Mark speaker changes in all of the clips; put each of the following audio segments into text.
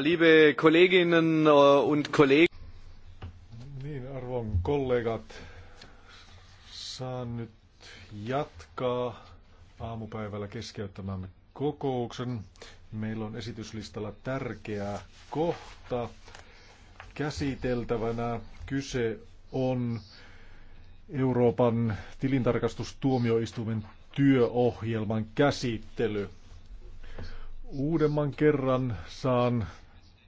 Speaker 1: liebe Kolleginnen äh, und Kollegen. Niin, arvon kollegat, saan nyt jatkaa aamupäivällä keskeyttämämme kokouksen. Meillä on esityslistalla tärkeä kohta käsiteltävänä. Kyse on Euroopan tilintarkastustuomioistuimen työohjelman käsittely. Uudemman kerran saan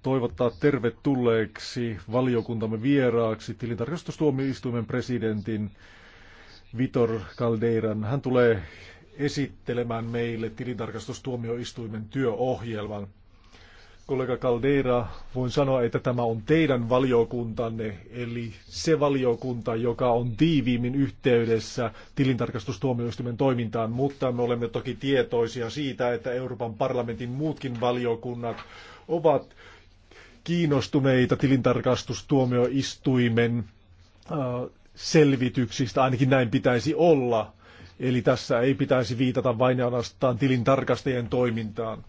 Speaker 1: toivottaa tervetulleeksi valiokuntamme vieraaksi tilintarkastustuomioistuimen presidentin Vitor Caldeiran. Hän tulee esittelemään meille tilintarkastustuomioistuimen työohjelman. Kollega Caldeira, voin sanoa, että tämä on teidän valiokuntanne, eli se valiokunta, joka on tiiviimmin yhteydessä tilintarkastustuomioistuimen toimintaan, mutta me olemme toki tietoisia siitä, että Euroopan parlamentin muutkin valiokunnat ovat kiinnostuneita tilintarkastustuomioistuimen äh, selvityksistä, ainakin näin pitäisi olla. Eli tässä ei pitäisi viitata vain ainoastaan tilintarkastajien toimintaan.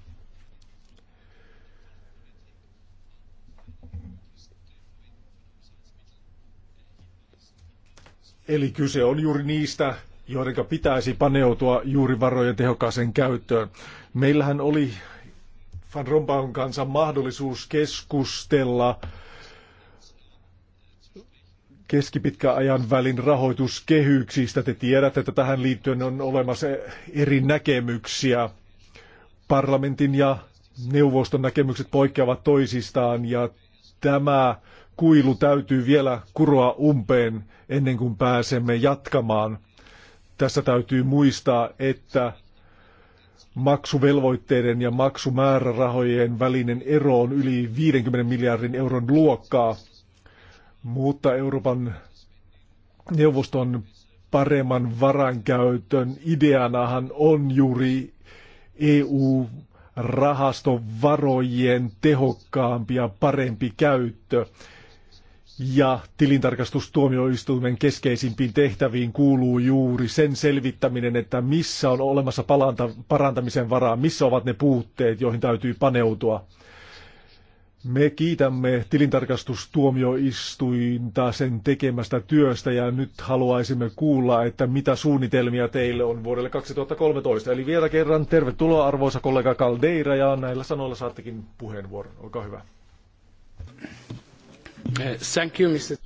Speaker 1: Eli kyse on juuri niistä, joiden pitäisi paneutua juuri varojen tehokkaaseen käyttöön. Meillähän oli Van Rompuyn kanssa mahdollisuus keskustella keskipitkän ajan välin rahoituskehyksistä. Te tiedätte, että tähän liittyen on olemassa eri näkemyksiä. Parlamentin ja neuvoston näkemykset poikkeavat toisistaan ja tämä kuilu täytyy vielä kuroa umpeen ennen kuin pääsemme jatkamaan. Tässä täytyy muistaa, että maksuvelvoitteiden ja maksumäärärahojen välinen ero on yli 50 miljardin euron luokkaa, mutta Euroopan neuvoston paremman varankäytön ideanahan on juuri eu rahastovarojen tehokkaampi ja parempi käyttö ja tilintarkastustuomioistuimen keskeisimpiin tehtäviin kuuluu juuri sen selvittäminen, että missä on olemassa palanta, parantamisen varaa, missä ovat ne puutteet, joihin täytyy paneutua. Me kiitämme tilintarkastustuomioistuinta sen tekemästä työstä ja nyt haluaisimme kuulla, että mitä suunnitelmia teille on vuodelle 2013. Eli vielä kerran tervetuloa arvoisa kollega Caldeira ja näillä sanoilla saattekin puheenvuoron. Olkaa hyvä. Eh, thank you, Mr.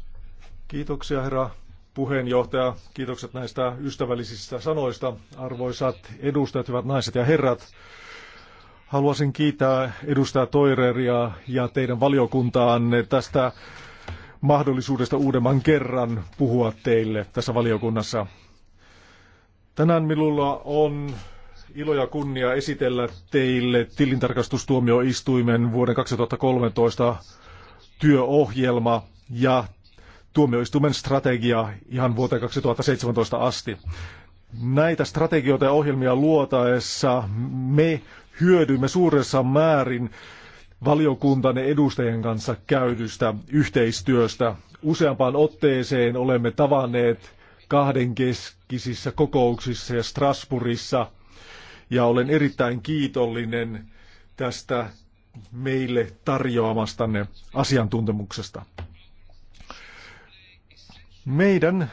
Speaker 1: Kiitoksia, herra puheenjohtaja. Kiitokset näistä ystävällisistä sanoista. Arvoisat edustajat, hyvät naiset ja herrat. Haluaisin kiittää edustaja Toireria ja teidän valiokuntaanne tästä mahdollisuudesta uudemman kerran puhua teille tässä valiokunnassa. Tänään minulla on ilo ja kunnia esitellä teille tilintarkastustuomioistuimen vuoden 2013 työohjelma ja tuomioistuimen strategia ihan vuoteen 2017 asti. Näitä strategioita ja ohjelmia luotaessa me hyödymme suuressa määrin valiokuntanne edustajien kanssa käydystä yhteistyöstä. Useampaan otteeseen olemme tavanneet kahdenkeskisissä kokouksissa ja Strasbourgissa, ja olen erittäin kiitollinen tästä meille tarjoamastanne asiantuntemuksesta. Meidän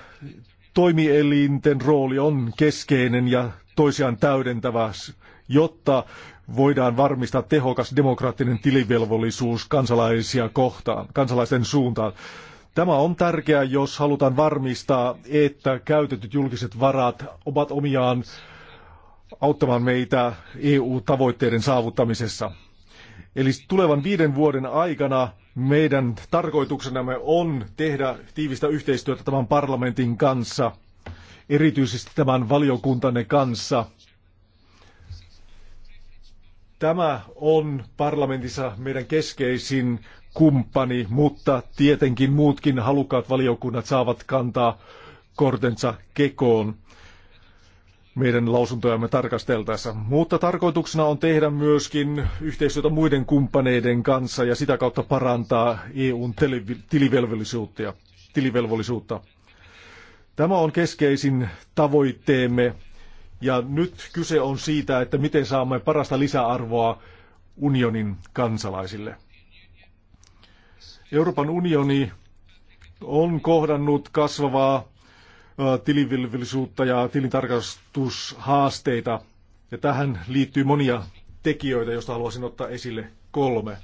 Speaker 1: toimielinten rooli on keskeinen ja toisiaan täydentävä, jotta voidaan varmistaa tehokas demokraattinen tilivelvollisuus kansalaisia kohtaan, kansalaisten suuntaan. Tämä on tärkeää, jos halutaan varmistaa, että käytetyt julkiset varat ovat omiaan auttamaan meitä EU-tavoitteiden saavuttamisessa. Eli tulevan viiden vuoden aikana meidän tarkoituksenamme on tehdä tiivistä yhteistyötä tämän parlamentin kanssa, erityisesti tämän valiokuntanne kanssa. Tämä on parlamentissa meidän keskeisin kumppani, mutta tietenkin muutkin halukkaat valiokunnat saavat kantaa kortensa kekoon meidän lausuntojamme tarkasteltaessa. Mutta tarkoituksena on tehdä myöskin yhteistyötä muiden kumppaneiden kanssa ja sitä kautta parantaa EUn tilivelvollisuutta. tilivelvollisuutta. Tämä on keskeisin tavoitteemme ja nyt kyse on siitä, että miten saamme parasta lisäarvoa unionin kansalaisille. Euroopan unioni on kohdannut kasvavaa tilivilvillisuutta ja tilintarkastushaasteita. Ja tähän liittyy monia tekijöitä, joista haluaisin ottaa esille kolme.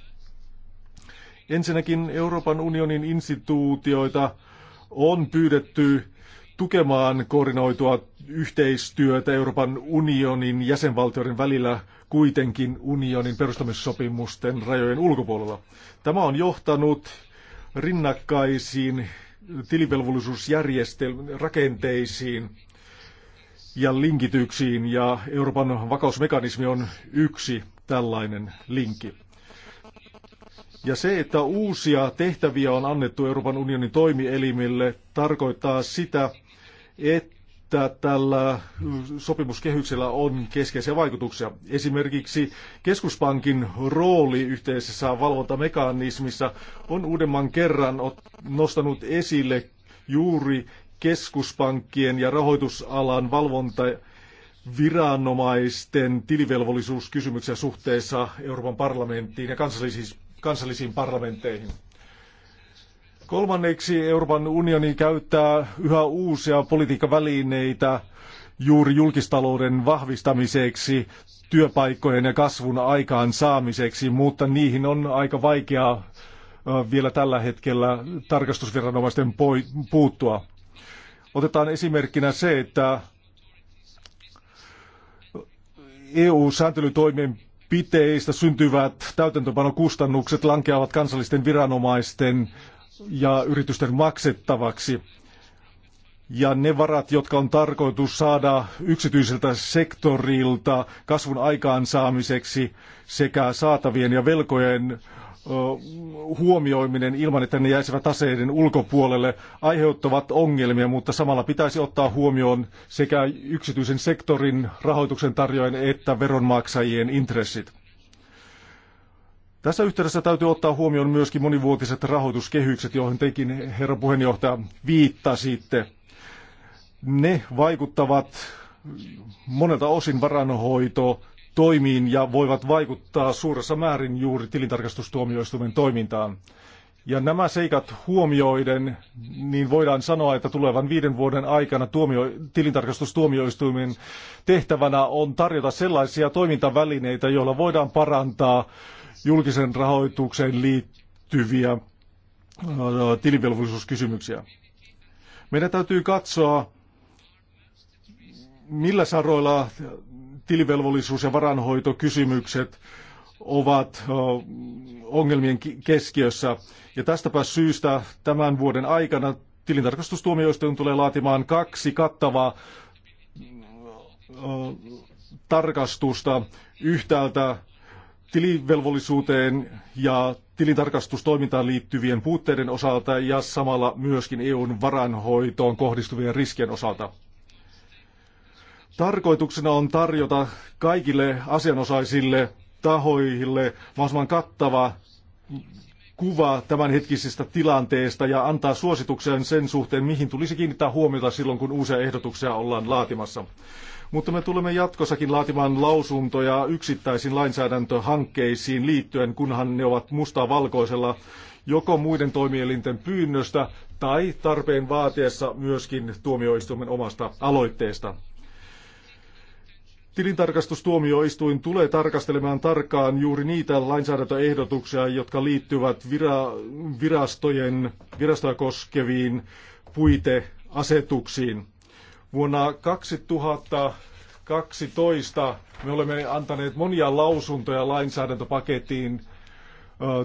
Speaker 1: Ensinnäkin Euroopan unionin instituutioita on pyydetty tukemaan koordinoitua yhteistyötä Euroopan unionin jäsenvaltioiden välillä kuitenkin unionin perustamissopimusten rajojen ulkopuolella. Tämä on johtanut rinnakkaisiin rakenteisiin ja linkityksiin, ja Euroopan vakausmekanismi on yksi tällainen linkki. Ja se, että uusia tehtäviä on annettu Euroopan unionin toimielimille, tarkoittaa sitä, että että tällä sopimuskehyksellä on keskeisiä vaikutuksia. Esimerkiksi keskuspankin rooli yhteisessä valvontamekanismissa on uudemman kerran nostanut esille juuri keskuspankkien ja rahoitusalan valvonta viranomaisten tilivelvollisuuskysymyksiä suhteessa Euroopan parlamenttiin ja kansallisiin, kansallisiin parlamentteihin. Kolmanneksi Euroopan unioni käyttää yhä uusia politiikkavälineitä juuri julkistalouden vahvistamiseksi, työpaikkojen ja kasvun aikaan saamiseksi, mutta niihin on aika vaikea vielä tällä hetkellä tarkastusviranomaisten puuttua. Otetaan esimerkkinä se, että EU-sääntelytoimenpiteistä syntyvät täytäntöpanokustannukset lankeavat kansallisten viranomaisten ja yritysten maksettavaksi. Ja ne varat, jotka on tarkoitus saada yksityiseltä sektorilta kasvun aikaansaamiseksi sekä saatavien ja velkojen huomioiminen ilman, että ne jäisivät taseiden ulkopuolelle, aiheuttavat ongelmia, mutta samalla pitäisi ottaa huomioon sekä yksityisen sektorin rahoituksen tarjoajien että veronmaksajien intressit. Tässä yhteydessä täytyy ottaa huomioon myöskin monivuotiset rahoituskehykset, joihin tekin, herra puheenjohtaja, viittasitte. Ne vaikuttavat monelta osin varanhoito toimiin ja voivat vaikuttaa suuressa määrin juuri tilintarkastustuomioistuimen toimintaan. Ja nämä seikat huomioiden, niin voidaan sanoa, että tulevan viiden vuoden aikana tuomio, tilintarkastustuomioistuimen tehtävänä on tarjota sellaisia toimintavälineitä, joilla voidaan parantaa julkisen rahoitukseen liittyviä äh, tilivelvollisuuskysymyksiä. Meidän täytyy katsoa, millä saroilla tilivelvollisuus- ja varanhoitokysymykset ovat äh, ongelmien keskiössä. Ja tästäpä syystä tämän vuoden aikana tilintarkastustuomioistuin tulee laatimaan kaksi kattavaa äh, tarkastusta yhtäältä tilivelvollisuuteen ja tilintarkastustoimintaan liittyvien puutteiden osalta ja samalla myöskin EUn varanhoitoon kohdistuvien riskien osalta. Tarkoituksena on tarjota kaikille asianosaisille tahoille mahdollisimman kattava kuva tämänhetkisestä tilanteesta ja antaa suosituksen sen suhteen, mihin tulisi kiinnittää huomiota silloin, kun uusia ehdotuksia ollaan laatimassa. Mutta me tulemme jatkossakin laatimaan lausuntoja yksittäisiin lainsäädäntöhankkeisiin liittyen, kunhan ne ovat mustaa valkoisella joko muiden toimielinten pyynnöstä tai tarpeen vaatiessa myöskin tuomioistuimen omasta aloitteesta. Tilintarkastustuomioistuin tulee tarkastelemaan tarkkaan juuri niitä lainsäädäntöehdotuksia, jotka liittyvät vira, virastojen, virastoja koskeviin puiteasetuksiin. Vuonna 2012 me olemme antaneet monia lausuntoja lainsäädäntöpakettiin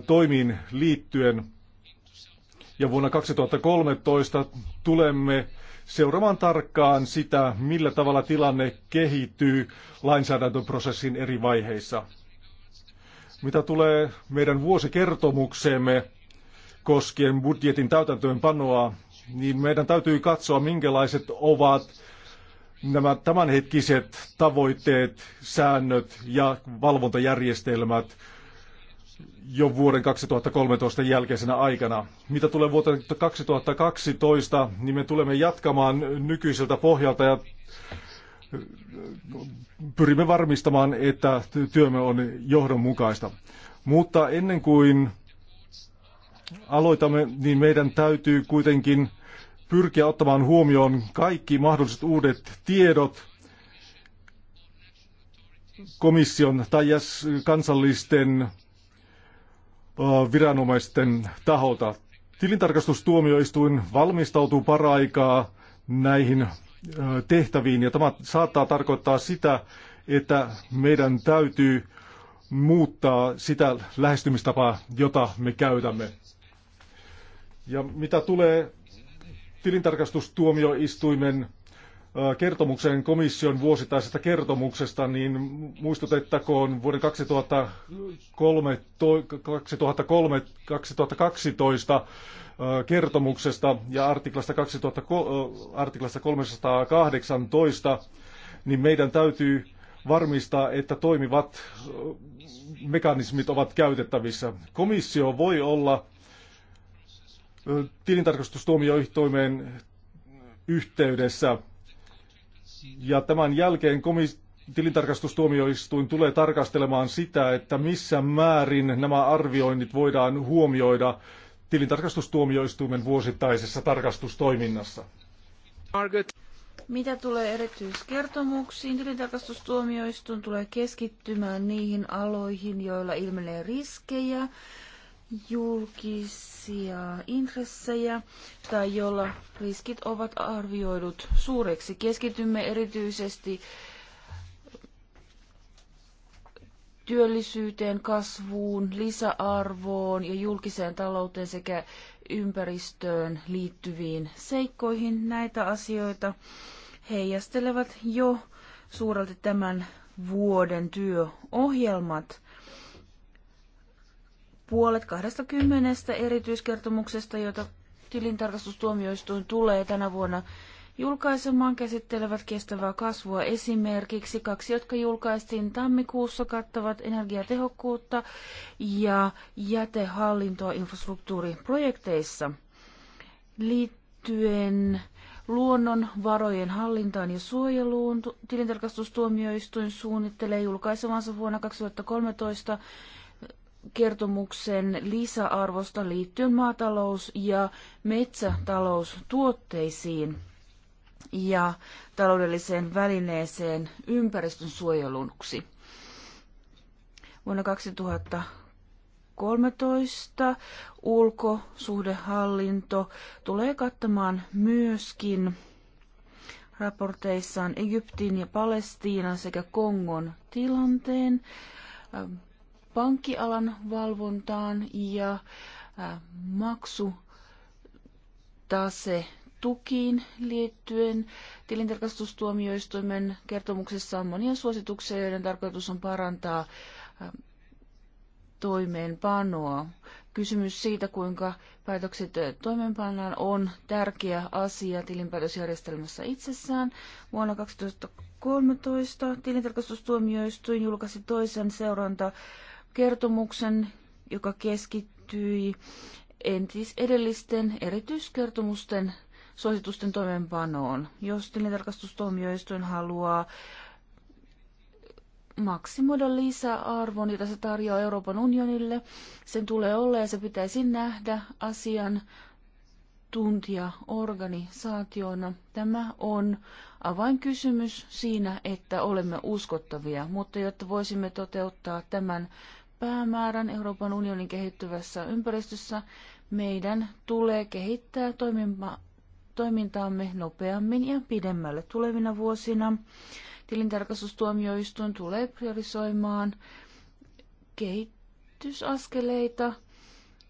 Speaker 1: toimiin liittyen. Ja vuonna 2013 tulemme seuraamaan tarkkaan sitä, millä tavalla tilanne kehittyy lainsäädäntöprosessin eri vaiheissa. Mitä tulee meidän vuosikertomukseemme koskien budjetin täytäntöönpanoa niin meidän täytyy katsoa, minkälaiset ovat nämä tämänhetkiset tavoitteet, säännöt ja valvontajärjestelmät jo vuoden 2013 jälkeisenä aikana. Mitä tulee vuoteen 2012, niin me tulemme jatkamaan nykyiseltä pohjalta ja pyrimme varmistamaan, että työmme on johdonmukaista. Mutta ennen kuin aloitamme, niin meidän täytyy kuitenkin pyrkiä ottamaan huomioon kaikki mahdolliset uudet tiedot komission tai kansallisten viranomaisten taholta. Tilintarkastustuomioistuin valmistautuu paraikaa näihin tehtäviin ja tämä saattaa tarkoittaa sitä, että meidän täytyy muuttaa sitä lähestymistapaa, jota me käytämme. Ja mitä tulee tilintarkastustuomioistuimen kertomukseen komission vuosittaisesta kertomuksesta, niin muistutettakoon vuoden 2003, 2012 kertomuksesta ja artiklasta, 2000, artiklasta 318, niin meidän täytyy varmistaa, että toimivat mekanismit ovat käytettävissä. Komissio voi olla tilintarkastustuomioistuimen yhteydessä. Ja tämän jälkeen komis- tilintarkastustuomioistuin tulee tarkastelemaan sitä, että missä määrin nämä arvioinnit voidaan huomioida tilintarkastustuomioistuimen vuosittaisessa tarkastustoiminnassa.
Speaker 2: Mitä tulee erityiskertomuksiin, tilintarkastustuomioistuin tulee keskittymään niihin aloihin, joilla ilmenee riskejä julkisia intressejä tai jolla riskit ovat arvioidut suureksi. Keskitymme erityisesti työllisyyteen, kasvuun, lisäarvoon ja julkiseen talouteen sekä ympäristöön liittyviin seikkoihin. Näitä asioita heijastelevat jo suurelti tämän vuoden työohjelmat puolet 20 erityiskertomuksesta, jota tilintarkastustuomioistuin tulee tänä vuonna julkaisemaan, käsittelevät kestävää kasvua esimerkiksi. Kaksi, jotka julkaistiin tammikuussa, kattavat energiatehokkuutta ja jätehallintoa infrastruktuuriprojekteissa. Liittyen luonnonvarojen hallintaan ja suojeluun tilintarkastustuomioistuin suunnittelee julkaisemansa vuonna 2013 kertomuksen lisäarvosta liittyen maatalous- ja metsätaloustuotteisiin ja taloudelliseen välineeseen ympäristön suojeluksi. Vuonna 2013 ulkosuhdehallinto tulee kattamaan myöskin raporteissaan Egyptin ja Palestiinan sekä Kongon tilanteen, pankkialan valvontaan ja maksu tase tukiin liittyen. Tilintarkastustuomioistuimen kertomuksessa on monia suosituksia, joiden tarkoitus on parantaa toimeenpanoa. Kysymys siitä, kuinka päätökset toimeenpannaan, on tärkeä asia tilinpäätösjärjestelmässä itsessään. Vuonna 2013 tilintarkastustuomioistuin julkaisi toisen seuranta kertomuksen, joka keskittyi entis edellisten erityiskertomusten suositusten toimeenpanoon. Jos tilintarkastustuomioistuin haluaa maksimoida lisäarvon, jota se tarjoaa Euroopan unionille, sen tulee olla ja se pitäisi nähdä asian tuntia organisaationa. Tämä on avainkysymys siinä, että olemme uskottavia, mutta jotta voisimme toteuttaa tämän päämäärän Euroopan unionin kehittyvässä ympäristössä, meidän tulee kehittää toimintaamme nopeammin ja pidemmälle tulevina vuosina. Tilintarkastustuomioistuin tulee priorisoimaan kehitysaskeleita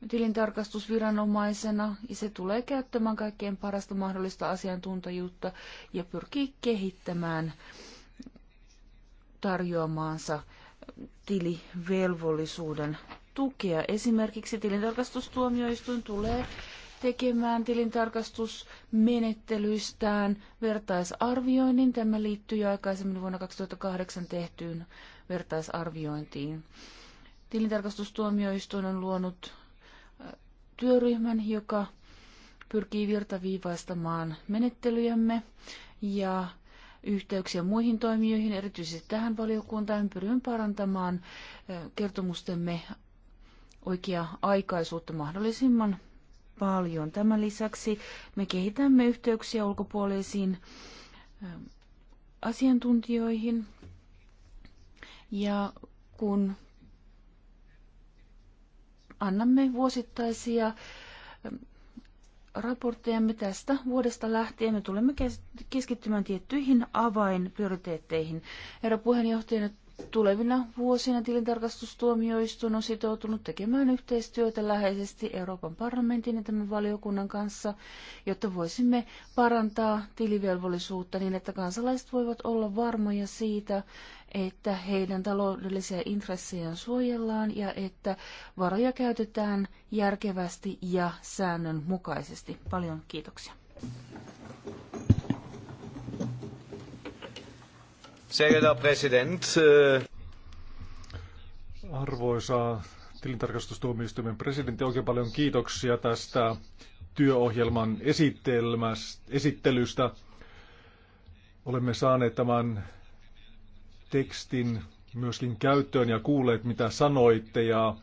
Speaker 2: tilintarkastusviranomaisena ja se tulee käyttämään kaikkein parasta mahdollista asiantuntijuutta ja pyrkii kehittämään tarjoamaansa tilivelvollisuuden tukea. Esimerkiksi tilintarkastustuomioistuin tulee tekemään tilintarkastusmenettelyistään vertaisarvioinnin. Tämä liittyy aikaisemmin vuonna 2008 tehtyyn vertaisarviointiin. Tilintarkastustuomioistuin on luonut työryhmän, joka pyrkii virtaviivaistamaan menettelyjämme ja yhteyksiä muihin toimijoihin, erityisesti tähän valiokuntaan. Pyrimme parantamaan kertomustemme oikea-aikaisuutta mahdollisimman paljon. Tämän lisäksi me kehitämme yhteyksiä ulkopuolisiin asiantuntijoihin. Ja kun annamme vuosittaisia raporttejamme tästä vuodesta lähtien. Me tulemme keskittymään tiettyihin avainprioriteetteihin. Herra puheenjohtaja, nyt Tulevina vuosina tilintarkastustuomioistuin on sitoutunut tekemään yhteistyötä läheisesti Euroopan parlamentin ja tämän valiokunnan kanssa, jotta voisimme parantaa tilivelvollisuutta niin, että kansalaiset voivat olla varmoja siitä, että heidän taloudellisia intressejään suojellaan ja että varoja käytetään järkevästi ja säännönmukaisesti. Paljon kiitoksia.
Speaker 1: Sehr Präsident. Äh, Arvoisa tilintarkastustuomioistuimen presidentti, oikein paljon kiitoksia tästä työohjelman esittelystä. Olemme saaneet tämän tekstin myöskin käyttöön ja kuulleet, mitä sanoitte. Ja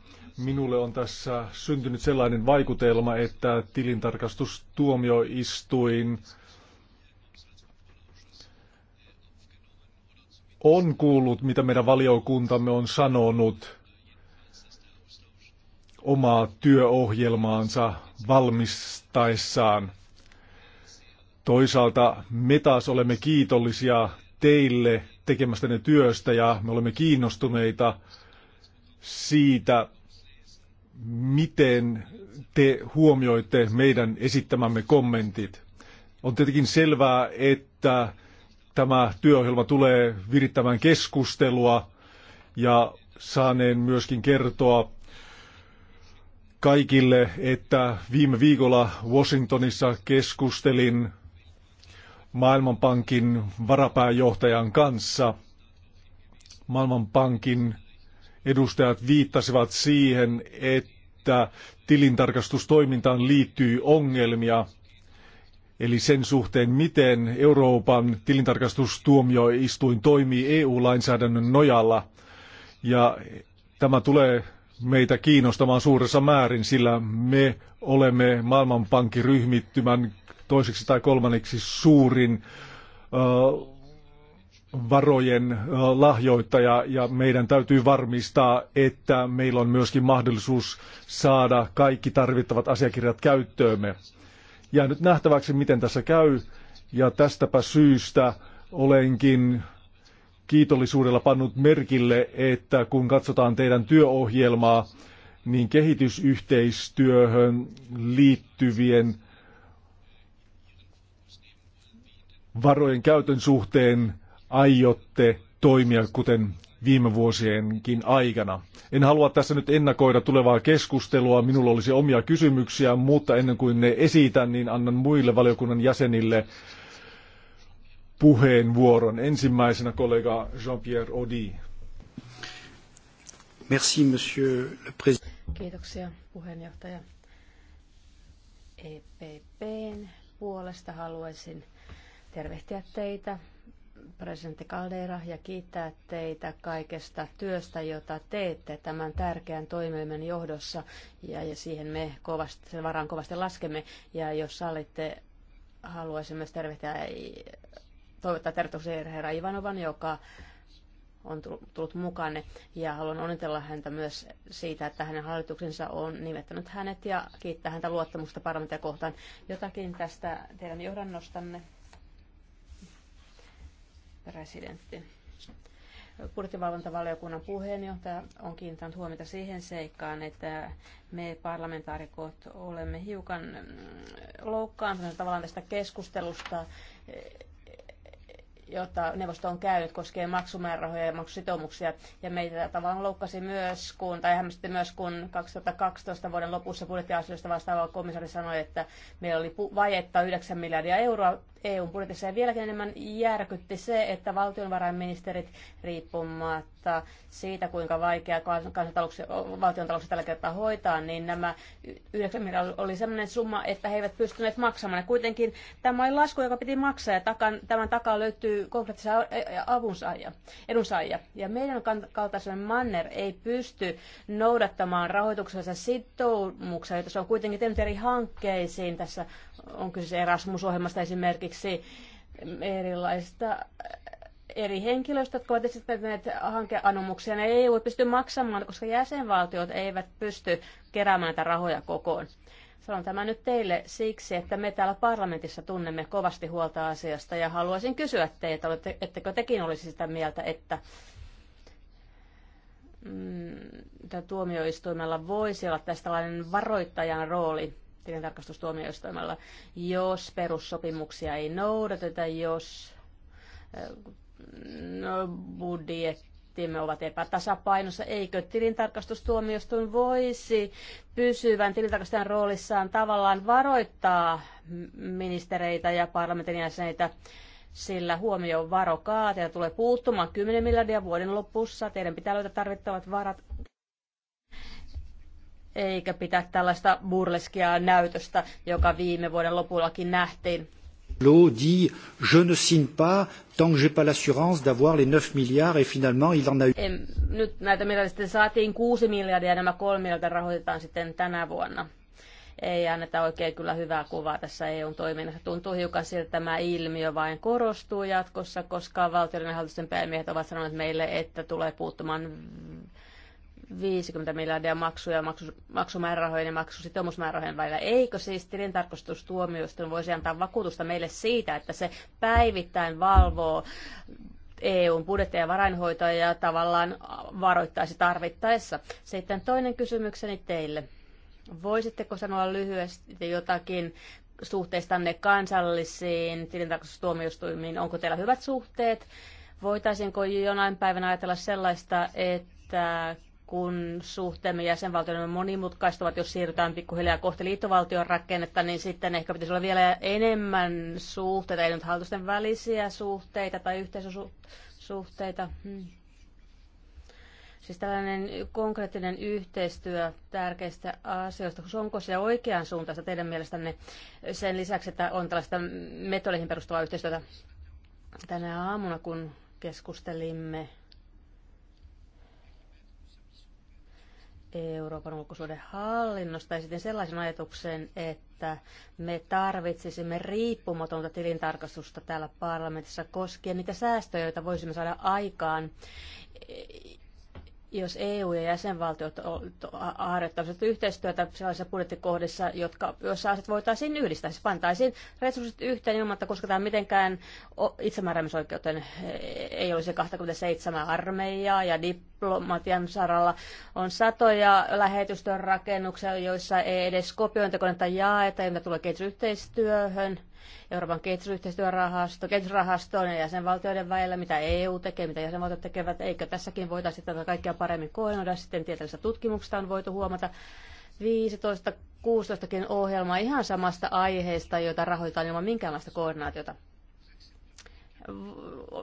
Speaker 1: minulle on tässä syntynyt sellainen vaikutelma, että tilintarkastustuomioistuin on kuullut, mitä meidän valiokuntamme on sanonut omaa työohjelmaansa valmistaessaan. Toisaalta me taas olemme kiitollisia teille tekemästänne työstä ja me olemme kiinnostuneita siitä, miten te huomioitte meidän esittämämme kommentit. On tietenkin selvää, että tämä työohjelma tulee virittämään keskustelua ja saaneen myöskin kertoa kaikille, että viime viikolla Washingtonissa keskustelin Maailmanpankin varapääjohtajan kanssa. Maailmanpankin edustajat viittasivat siihen, että tilintarkastustoimintaan liittyy ongelmia – Eli sen suhteen, miten Euroopan tilintarkastustuomioistuin toimii EU-lainsäädännön nojalla. Ja tämä tulee meitä kiinnostamaan suuressa määrin, sillä me olemme maailmanpankkiryhmittymän toiseksi tai kolmanneksi suurin varojen lahjoittaja ja meidän täytyy varmistaa, että meillä on myöskin mahdollisuus saada kaikki tarvittavat asiakirjat käyttöömme nyt nähtäväksi, miten tässä käy. Ja tästäpä syystä olenkin kiitollisuudella pannut merkille, että kun katsotaan teidän työohjelmaa, niin kehitysyhteistyöhön liittyvien varojen käytön suhteen aiotte toimia, kuten viime vuosienkin aikana. En halua tässä nyt ennakoida tulevaa keskustelua, minulla olisi omia kysymyksiä, mutta ennen kuin ne esitän, niin annan muille valiokunnan jäsenille puheenvuoron. Ensimmäisenä kollega Jean-Pierre Audi. Merci, monsieur le
Speaker 3: président. Kiitoksia puheenjohtaja. EPPn puolesta haluaisin tervehtiä teitä presidentti Caldeira ja kiittää teitä kaikesta työstä, jota teette tämän tärkeän toimielimen johdossa ja, ja siihen me kovasti, sen varaan kovasti laskemme. Ja jos sallitte, haluaisin myös tervehtiä toivottaa tervetuloksi herra Ivanovan, joka on tullut mukana ja haluan onnitella häntä myös siitä, että hänen hallituksensa on nimettänyt hänet ja kiittää häntä luottamusta parlamentia kohtaan. Jotakin tästä teidän johdannostanne presidentti. Budjettivalvontavaliokunnan puheenjohtaja on kiinnittänyt huomiota siihen seikkaan, että me parlamentaarikot olemme hiukan mm, loukkaantuneet tavallaan tästä keskustelusta, eh, jota neuvosto on käynyt koskien maksumäärärahoja ja maksusitoumuksia. Ja meitä tavallaan loukkasi myös, kun, tai myös, kun 2012 vuoden lopussa budjettiasioista vastaava komissaari sanoi, että meillä oli vajetta 9 miljardia euroa EU-budjetissa. Ja vieläkin enemmän järkytti se, että valtionvarainministerit riippumatta siitä, kuinka vaikea talous tällä kertaa hoitaa, niin nämä 9 miljardia oli sellainen summa, että he eivät pystyneet maksamaan. Ja kuitenkin tämä oli lasku, joka piti maksaa, ja takan, tämän takaa löytyy konkreettisia e- avunsaajia, edunsaajia. Ja meidän kaltaisen manner ei pysty noudattamaan rahoituksensa sitoumuksia, joita se on kuitenkin tehnyt eri hankkeisiin. Tässä on kyse Erasmus-ohjelmasta esimerkiksi, esimerkiksi erilaista eh, eri henkilöistä, jotka ovat esittäneet hankeanomuksia, ne ei ei pysty maksamaan, koska jäsenvaltiot eivät pysty keräämään tätä rahoja kokoon. Sanon tämä nyt teille siksi, että me täällä parlamentissa tunnemme kovasti huolta asiasta ja haluaisin kysyä teiltä, ettekö tekin olisi sitä mieltä, että mm, tuomioistuimella voisi olla tästä tällainen varoittajan rooli tilintarkastustuomioistuimella, jos perussopimuksia ei noudateta, jos no, budjettimme ovat epätasapainossa. Eikö tilintarkastustuomioistuin voisi pysyvän tilintarkastajan roolissaan tavallaan varoittaa ministereitä ja parlamentin jäseneitä sillä huomioon varokaa. Teillä tulee puuttumaan 10 miljardia vuoden lopussa. Teidän pitää löytää tarvittavat varat eikä pitää tällaista burleskia näytöstä, joka viime vuoden lopullakin nähtiin.
Speaker 1: Lou dit Je ne signe pas tant que j'ai pas l'assurance d'avoir les
Speaker 2: 9 milliards et finalement il en a eu. En,
Speaker 3: nyt näitä mitä saatiin 6 miljardia ja nämä 3 miljardia rahoitetaan sitten tänä vuonna. Ei anneta oikein kyllä hyvää kuvaa tässä EUn toiminnassa. Tuntuu hiukan siltä, että tämä ilmiö vain korostuu jatkossa, koska valtioiden hallitusten päämiehet ovat sanoneet meille, että tulee puuttumaan 50 miljardia maksuja maksu, maksumäärärahojen ja maksusitoumusmäärärahojen välillä. Eikö siis tilintarkastustuomioistuin voisi antaa vakuutusta meille siitä, että se päivittäin valvoo EUn budjetteja ja varainhoitoa ja tavallaan varoittaisi tarvittaessa? Sitten toinen kysymykseni teille. Voisitteko sanoa lyhyesti jotakin suhteistanne kansallisiin tilintarkastustuomioistuimiin? Onko teillä hyvät suhteet? Voitaisiinko jonain päivänä ajatella sellaista, että että kun suhteemme jäsenvaltioiden monimutkaistuvat, jos siirrytään pikkuhiljaa kohti liittovaltion rakennetta, niin sitten ehkä pitäisi olla vielä enemmän suhteita, ei nyt hallitusten välisiä suhteita tai yhteisösuhteita. Hmm. Siis tällainen konkreettinen yhteistyö tärkeistä asioista, onko se oikean suuntaista teidän mielestänne sen lisäksi, että on tällaista metodeihin perustuvaa yhteistyötä tänä aamuna, kun keskustelimme Euroopan ulkosuuden hallinnosta esitin sellaisen ajatuksen, että me tarvitsisimme riippumatonta tilintarkastusta täällä parlamentissa koskien niitä säästöjä, joita voisimme saada aikaan jos EU ja jäsenvaltiot harjoittavat yhteistyötä sellaisissa budjettikohdissa, jotka, joissa asiat voitaisiin yhdistää, siis pantaisiin resurssit yhteen ilman, että tämä mitenkään itsemääräämisoikeuteen e-, ei olisi 27 armeijaa ja diplomatian saralla on satoja lähetystön rakennuksia, joissa ei edes kopiointikonetta jaeta, joita tulee kehitysyhteistyöhön. yhteistyöhön Euroopan kehitysyhteistyörahastoon kehitysrahastoon ja jäsenvaltioiden välillä, mitä EU tekee, mitä jäsenvaltiot tekevät. Eikö tässäkin voitaisiin tätä kaikkea paremmin koordinoida? Sitten tieteellisestä tutkimuksesta on voitu huomata 15 16kin ohjelmaa ihan samasta aiheesta, jota rahoitetaan ilman minkäänlaista koordinaatiota.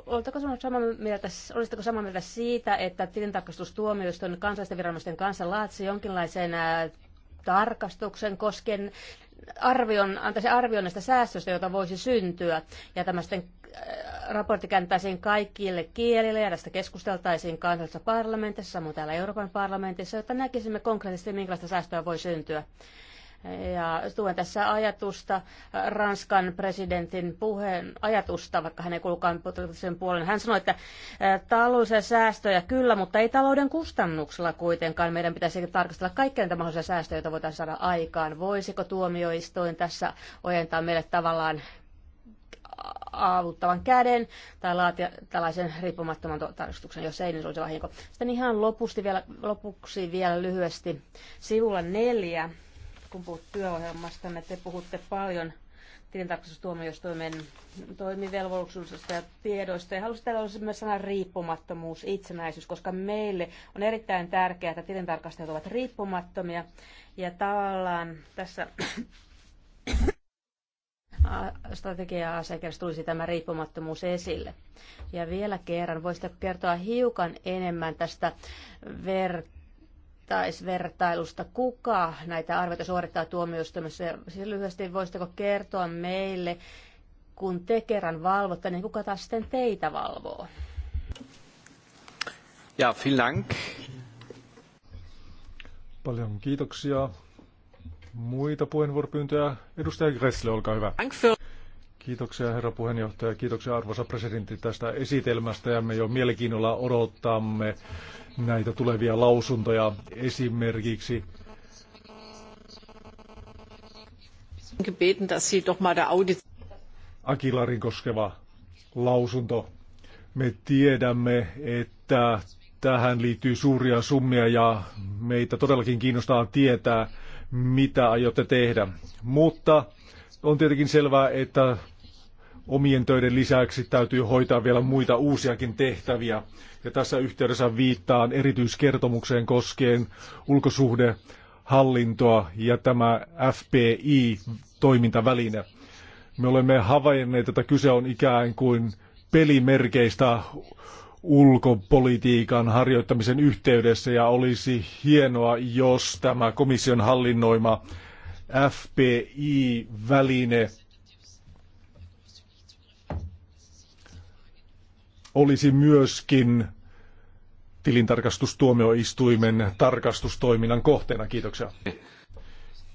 Speaker 3: Oletteko samaa mieltä, olisitteko samaa mieltä siitä, että tilintarkastustuomioistuin kansallisten viranomaisten kanssa laatsi jonkinlaisen äh, tarkastuksen kosken arvion, antaisi arvion näistä säästöistä, joita voisi syntyä. Ja tämmöisten äh, raportti kääntäisiin kaikille kielille ja tästä keskusteltaisiin kansallisessa parlamentissa, samoin täällä Euroopan parlamentissa, jotta näkisimme konkreettisesti, minkälaista säästöä voi syntyä. Ja tuen tässä ajatusta, Ranskan presidentin puheen ajatusta, vaikka hän ei kuulukaan sen puolen. Hän sanoi, että taloudellisia säästöjä kyllä, mutta ei talouden kustannuksella kuitenkaan. Meidän pitäisi tarkastella kaikkia niitä mahdollisia säästöjä, joita voitaisiin saada aikaan. Voisiko tuomioistuin tässä ojentaa meille tavallaan avuttavan käden tai laatia tällaisen riippumattoman tarkastuksen, jos ei, niin se olisi vahinko. Sitten ihan lopusti vielä, lopuksi vielä lyhyesti sivulla neljä kun puhut työohjelmasta, niin te puhutte paljon tilintarkastustuomioistuimen toimivelvollisuudesta ja tiedoista. Ja haluaisin täällä olla myös sanan riippumattomuus, itsenäisyys, koska meille on erittäin tärkeää, että tilintarkastajat ovat riippumattomia. Ja tavallaan tässä strategia-asiakirjassa tulisi tämä riippumattomuus esille. Ja vielä kerran, voisitko kertoa hiukan enemmän tästä ver- vertaisvertailusta, kuka näitä arvioita suorittaa tuomioistuimessa. Siis lyhyesti voisitteko kertoa meille, kun te kerran valvotte, niin kuka taas sitten teitä valvoo?
Speaker 1: Ja, vielen Dank. Paljon kiitoksia. Muita puheenvuoropyyntöjä. Edustaja Gressle, olkaa hyvä. Kiitoksia herra puheenjohtaja, kiitoksia arvoisa presidentti tästä esitelmästä ja me jo mielenkiinnolla odottamme näitä tulevia lausuntoja esimerkiksi. Akilarin koskeva lausunto. Me tiedämme, että tähän liittyy suuria summia ja meitä todellakin kiinnostaa tietää, mitä aiotte tehdä. Mutta on tietenkin selvää, että omien töiden lisäksi täytyy hoitaa vielä muita uusiakin tehtäviä. Ja tässä yhteydessä viittaan erityiskertomukseen koskien ulkosuhdehallintoa ja tämä FPI-toimintaväline. Me olemme havainneet, että kyse on ikään kuin pelimerkeistä ulkopolitiikan harjoittamisen yhteydessä ja olisi hienoa, jos tämä komission hallinnoima FPI-väline olisi myöskin tilintarkastustuomioistuimen tarkastustoiminnan kohteena. Kiitoksia.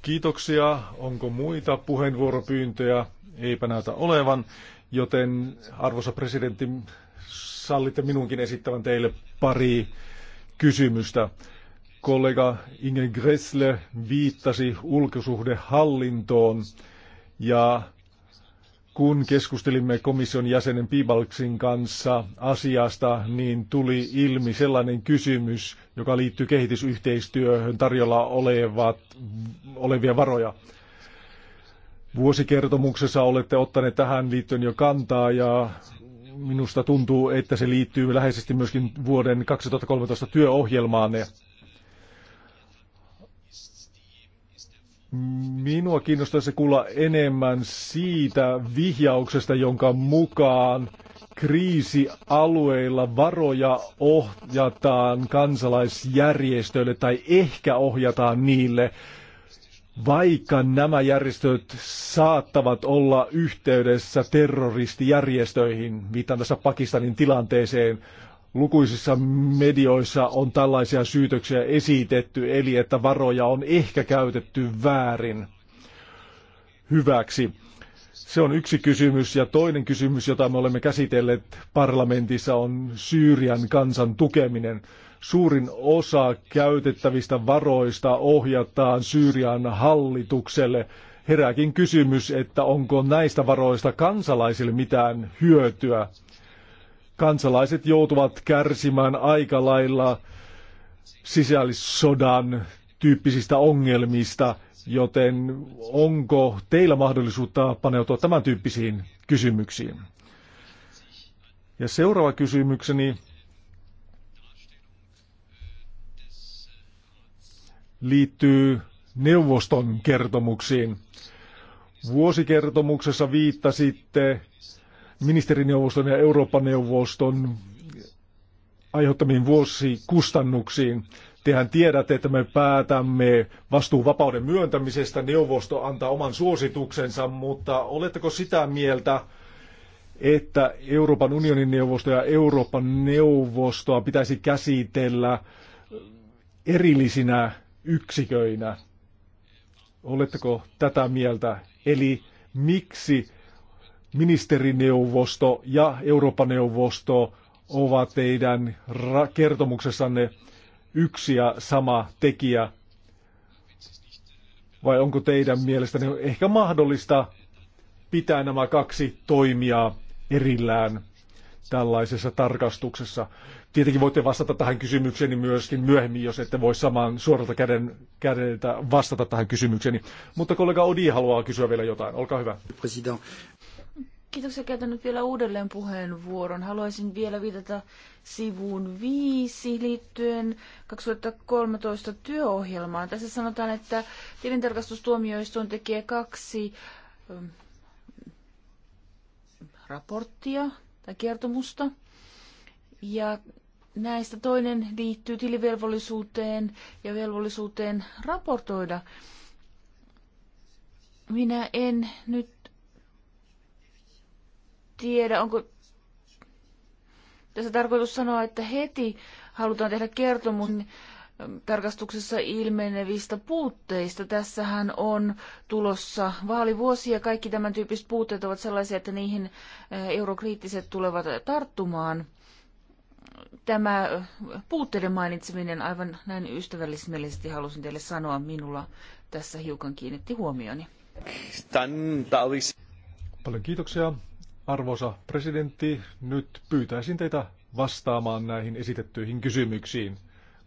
Speaker 1: Kiitoksia. Onko muita puheenvuoropyyntöjä? Eipä näytä olevan, joten arvoisa presidentti, sallitte minunkin esittävän teille pari kysymystä. Kollega Inge Gressle viittasi ulkosuhdehallintoon ja kun keskustelimme komission jäsenen Piibalksin kanssa asiasta, niin tuli ilmi sellainen kysymys, joka liittyy kehitysyhteistyöhön tarjolla olevat, olevia varoja. Vuosikertomuksessa olette ottaneet tähän liittyen jo kantaa ja minusta tuntuu, että se liittyy läheisesti myöskin vuoden 2013 työohjelmaanne. Minua kiinnostaisi kuulla enemmän siitä vihjauksesta, jonka mukaan kriisialueilla varoja ohjataan kansalaisjärjestöille tai ehkä ohjataan niille, vaikka nämä järjestöt saattavat olla yhteydessä terroristijärjestöihin, viitan tässä Pakistanin tilanteeseen, Lukuisissa medioissa on tällaisia syytöksiä esitetty, eli että varoja on ehkä käytetty väärin hyväksi. Se on yksi kysymys. Ja toinen kysymys, jota me olemme käsitelleet parlamentissa, on Syyrian kansan tukeminen. Suurin osa käytettävistä varoista ohjataan Syyrian hallitukselle. Herääkin kysymys, että onko näistä varoista kansalaisille mitään hyötyä kansalaiset joutuvat kärsimään aika lailla sisällissodan tyyppisistä ongelmista, joten onko teillä mahdollisuutta paneutua tämän tyyppisiin kysymyksiin? Ja seuraava kysymykseni liittyy neuvoston kertomuksiin. Vuosikertomuksessa viittasitte ministerineuvoston ja Euroopan neuvoston aiheuttamiin vuosikustannuksiin. Tehän tiedätte, että me päätämme vastuuvapauden myöntämisestä, neuvosto antaa oman suosituksensa, mutta oletteko sitä mieltä, että Euroopan unionin neuvosto ja Euroopan neuvostoa pitäisi käsitellä erillisinä yksiköinä? Oletteko tätä mieltä? Eli miksi ministerineuvosto ja Euroopan neuvosto ovat teidän kertomuksessanne yksi ja sama tekijä? Vai onko teidän mielestänne ehkä mahdollista pitää nämä kaksi toimijaa erillään tällaisessa tarkastuksessa? Tietenkin voitte vastata tähän kysymykseen myöskin myöhemmin, jos ette voi samaan suoralta käden, kädeltä vastata tähän kysymykseen. Mutta kollega Odi haluaa kysyä vielä jotain. Olkaa hyvä. President.
Speaker 2: Kiitoksia. Käytän nyt vielä uudelleen puheenvuoron. Haluaisin vielä viitata sivuun viisi liittyen 2013 työohjelmaan. Tässä sanotaan, että tilintarkastustuomioistuin tekee kaksi ähm, raporttia tai kertomusta. Ja näistä toinen liittyy tilivelvollisuuteen ja velvollisuuteen raportoida. Minä en nyt tiedä, onko tässä tarkoitus sanoa, että heti halutaan tehdä kertomus tarkastuksessa ilmenevistä puutteista. Tässähän on tulossa vaalivuosi ja kaikki tämän tyyppiset puutteet ovat sellaisia, että niihin eh, eurokriittiset tulevat tarttumaan. Tämä eh, puutteiden mainitseminen aivan näin ystävällismielisesti halusin teille sanoa, minulla tässä hiukan kiinnitti huomioni.
Speaker 1: Paljon kiitoksia. Arvoisa presidentti, nyt pyytäisin teitä vastaamaan näihin esitettyihin kysymyksiin,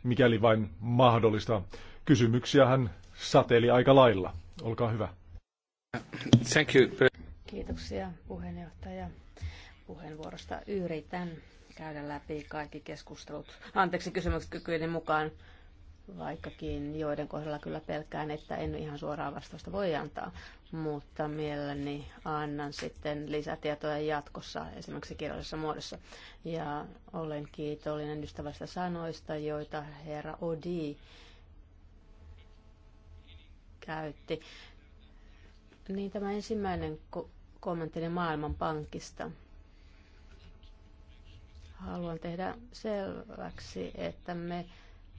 Speaker 1: mikäli vain mahdollista. Kysymyksiä hän sateeli aika lailla. Olkaa hyvä. Thank you.
Speaker 3: Kiitoksia puheenjohtaja puheenvuorosta. Yritän käydä läpi kaikki keskustelut, anteeksi kysymykset kykyinen mukaan vaikkakin joiden kohdalla kyllä pelkään, että en ihan suoraa vastausta voi antaa, mutta mielelläni annan sitten lisätietoja jatkossa esimerkiksi kirjallisessa muodossa. Ja olen kiitollinen ystävästä sanoista, joita herra Odi käytti. Niin tämä ensimmäinen ko- kommenttini Maailmanpankista. Haluan tehdä selväksi, että me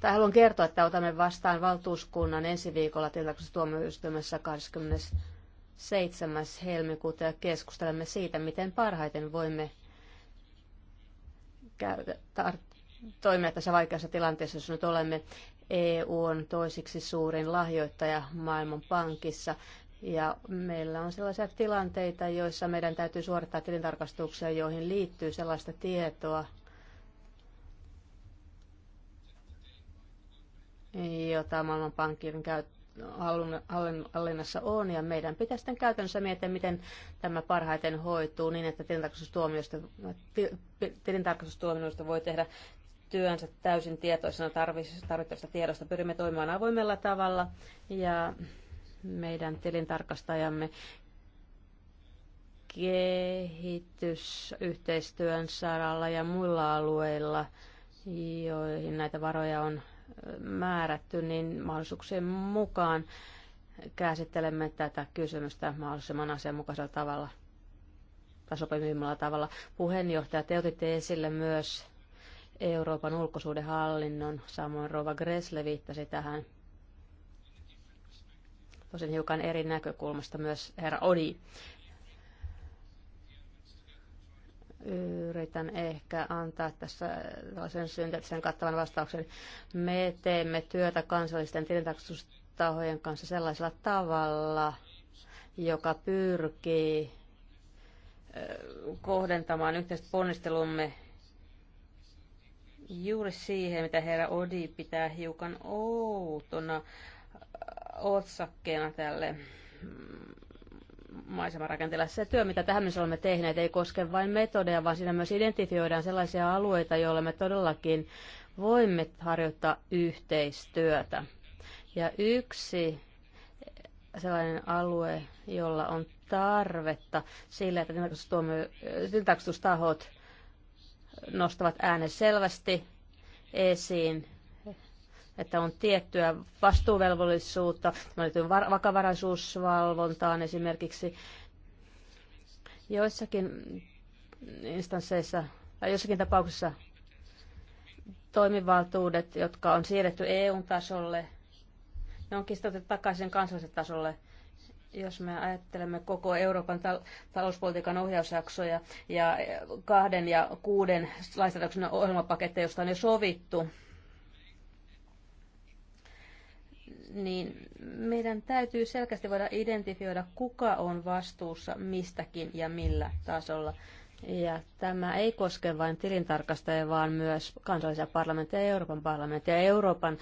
Speaker 3: tai haluan kertoa, että otamme vastaan valtuuskunnan ensi viikolla tilaisuudessa tuomioistuimessa 27. helmikuuta ja keskustelemme siitä, miten parhaiten voimme käydä, tar- toimia tässä vaikeassa tilanteessa, jos nyt olemme. EU on toisiksi suurin lahjoittaja maailman pankissa. Ja meillä on sellaisia tilanteita, joissa meidän täytyy suorittaa tilintarkastuksia, joihin liittyy sellaista tietoa, jota Maailmanpankin hallinnassa on, ja meidän pitää sitten käytännössä miettiä, miten tämä parhaiten hoituu niin, että tilintarkastustuomioista voi tehdä työnsä täysin tietoisena tarvittavista tiedosta. Pyrimme toimimaan avoimella tavalla ja meidän tilintarkastajamme kehitysyhteistyön saralla ja muilla alueilla, joihin näitä varoja on määrätty, niin mahdollisuuksien mukaan käsittelemme tätä kysymystä mahdollisimman asianmukaisella tavalla tai sopimimmalla tavalla. Puheenjohtaja, te otitte esille myös Euroopan ulkosuudenhallinnon, samoin Rova Gressle viittasi tähän tosin hiukan eri näkökulmasta myös herra Odi. yritän ehkä antaa tässä tällaisen synteettisen kattavan vastauksen. Me teemme työtä kansallisten tilintarkastustahojen kanssa sellaisella tavalla, joka pyrkii kohdentamaan yhteiset ponnistelumme juuri siihen, mitä herra Odi pitää hiukan outona otsakkeena tälle mm, maisemarakenteella. Se työ, mitä tähän mennessä olemme tehneet, ei koske vain metodeja, vaan siinä myös identifioidaan sellaisia alueita, joilla me todellakin voimme harjoittaa yhteistyötä. Ja yksi sellainen alue, jolla on tarvetta sille, että tilintarkastustahot nostavat äänen selvästi esiin että on tiettyä vastuuvelvollisuutta, tämä liittyy vakavaraisuusvalvontaan esimerkiksi. Joissakin instansseissa tai joissakin tapauksissa toimivaltuudet, jotka on siirretty EU-tasolle, ne onkin sitten otettu takaisin kansalliselle tasolle jos me ajattelemme koko Euroopan tal- talouspolitiikan ohjausjaksoja ja kahden ja kuuden lainsäädännön ohjelmapaketteja, josta on jo sovittu niin meidän täytyy selkeästi voida identifioida, kuka on vastuussa mistäkin ja millä tasolla. Ja tämä ei koske vain tilintarkastajia, vaan myös kansallisia parlamentteja Euroopan parlamenttia ja Euroopan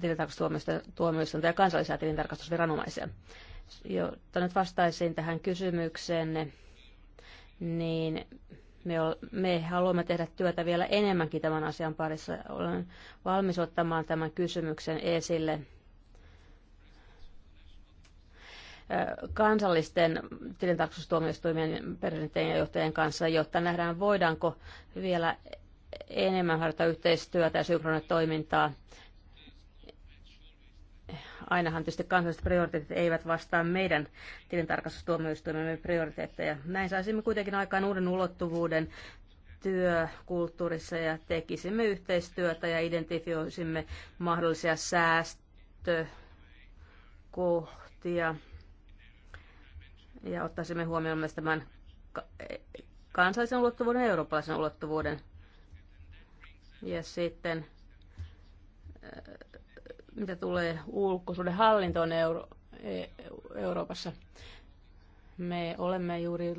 Speaker 3: tilintarkastustuomioistuinta ja kansallisia tilintarkastusviranomaisia. Jotta nyt vastaisin tähän kysymykseen, niin me, me haluamme tehdä työtä vielä enemmänkin tämän asian parissa. Olen valmis ottamaan tämän kysymyksen esille kansallisten tilintarkastustuomioistuimien presidenttien ja johtajien kanssa, jotta nähdään, voidaanko vielä enemmän harjoittaa yhteistyötä ja toimintaa. Ainahan tietysti kansalliset prioriteetit eivät vastaa meidän tilintarkastustuomioistuimemme prioriteetteja. Näin saisimme kuitenkin aikaan uuden ulottuvuuden työkulttuurissa ja tekisimme yhteistyötä ja identifioisimme mahdollisia säästökohtia ja ottaisimme huomioon myös tämän kansallisen ulottuvuuden ja eurooppalaisen ulottuvuuden. Ja sitten äh, mitä tulee ulkoisuuden hallintoon Euro- e-, Euroopassa, me olemme juuri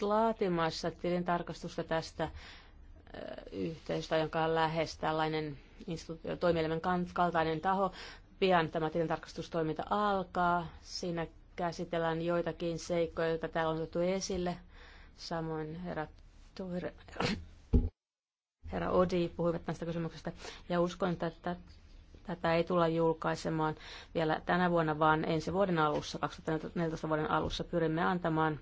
Speaker 3: laatimassa tilintarkastusta tästä äh, yhteisöstä, jonka on lähes tällainen instituutio, toimielimen kaltainen taho. Pian tämä tilintarkastustoiminta alkaa. Siinä käsitellään joitakin seikkoja, joita täällä on otettu esille. Samoin herra, herra Odi puhuivat näistä kysymyksistä. Ja uskon, että tätä ei tulla julkaisemaan vielä tänä vuonna, vaan ensi vuoden alussa, 2014 vuoden alussa pyrimme antamaan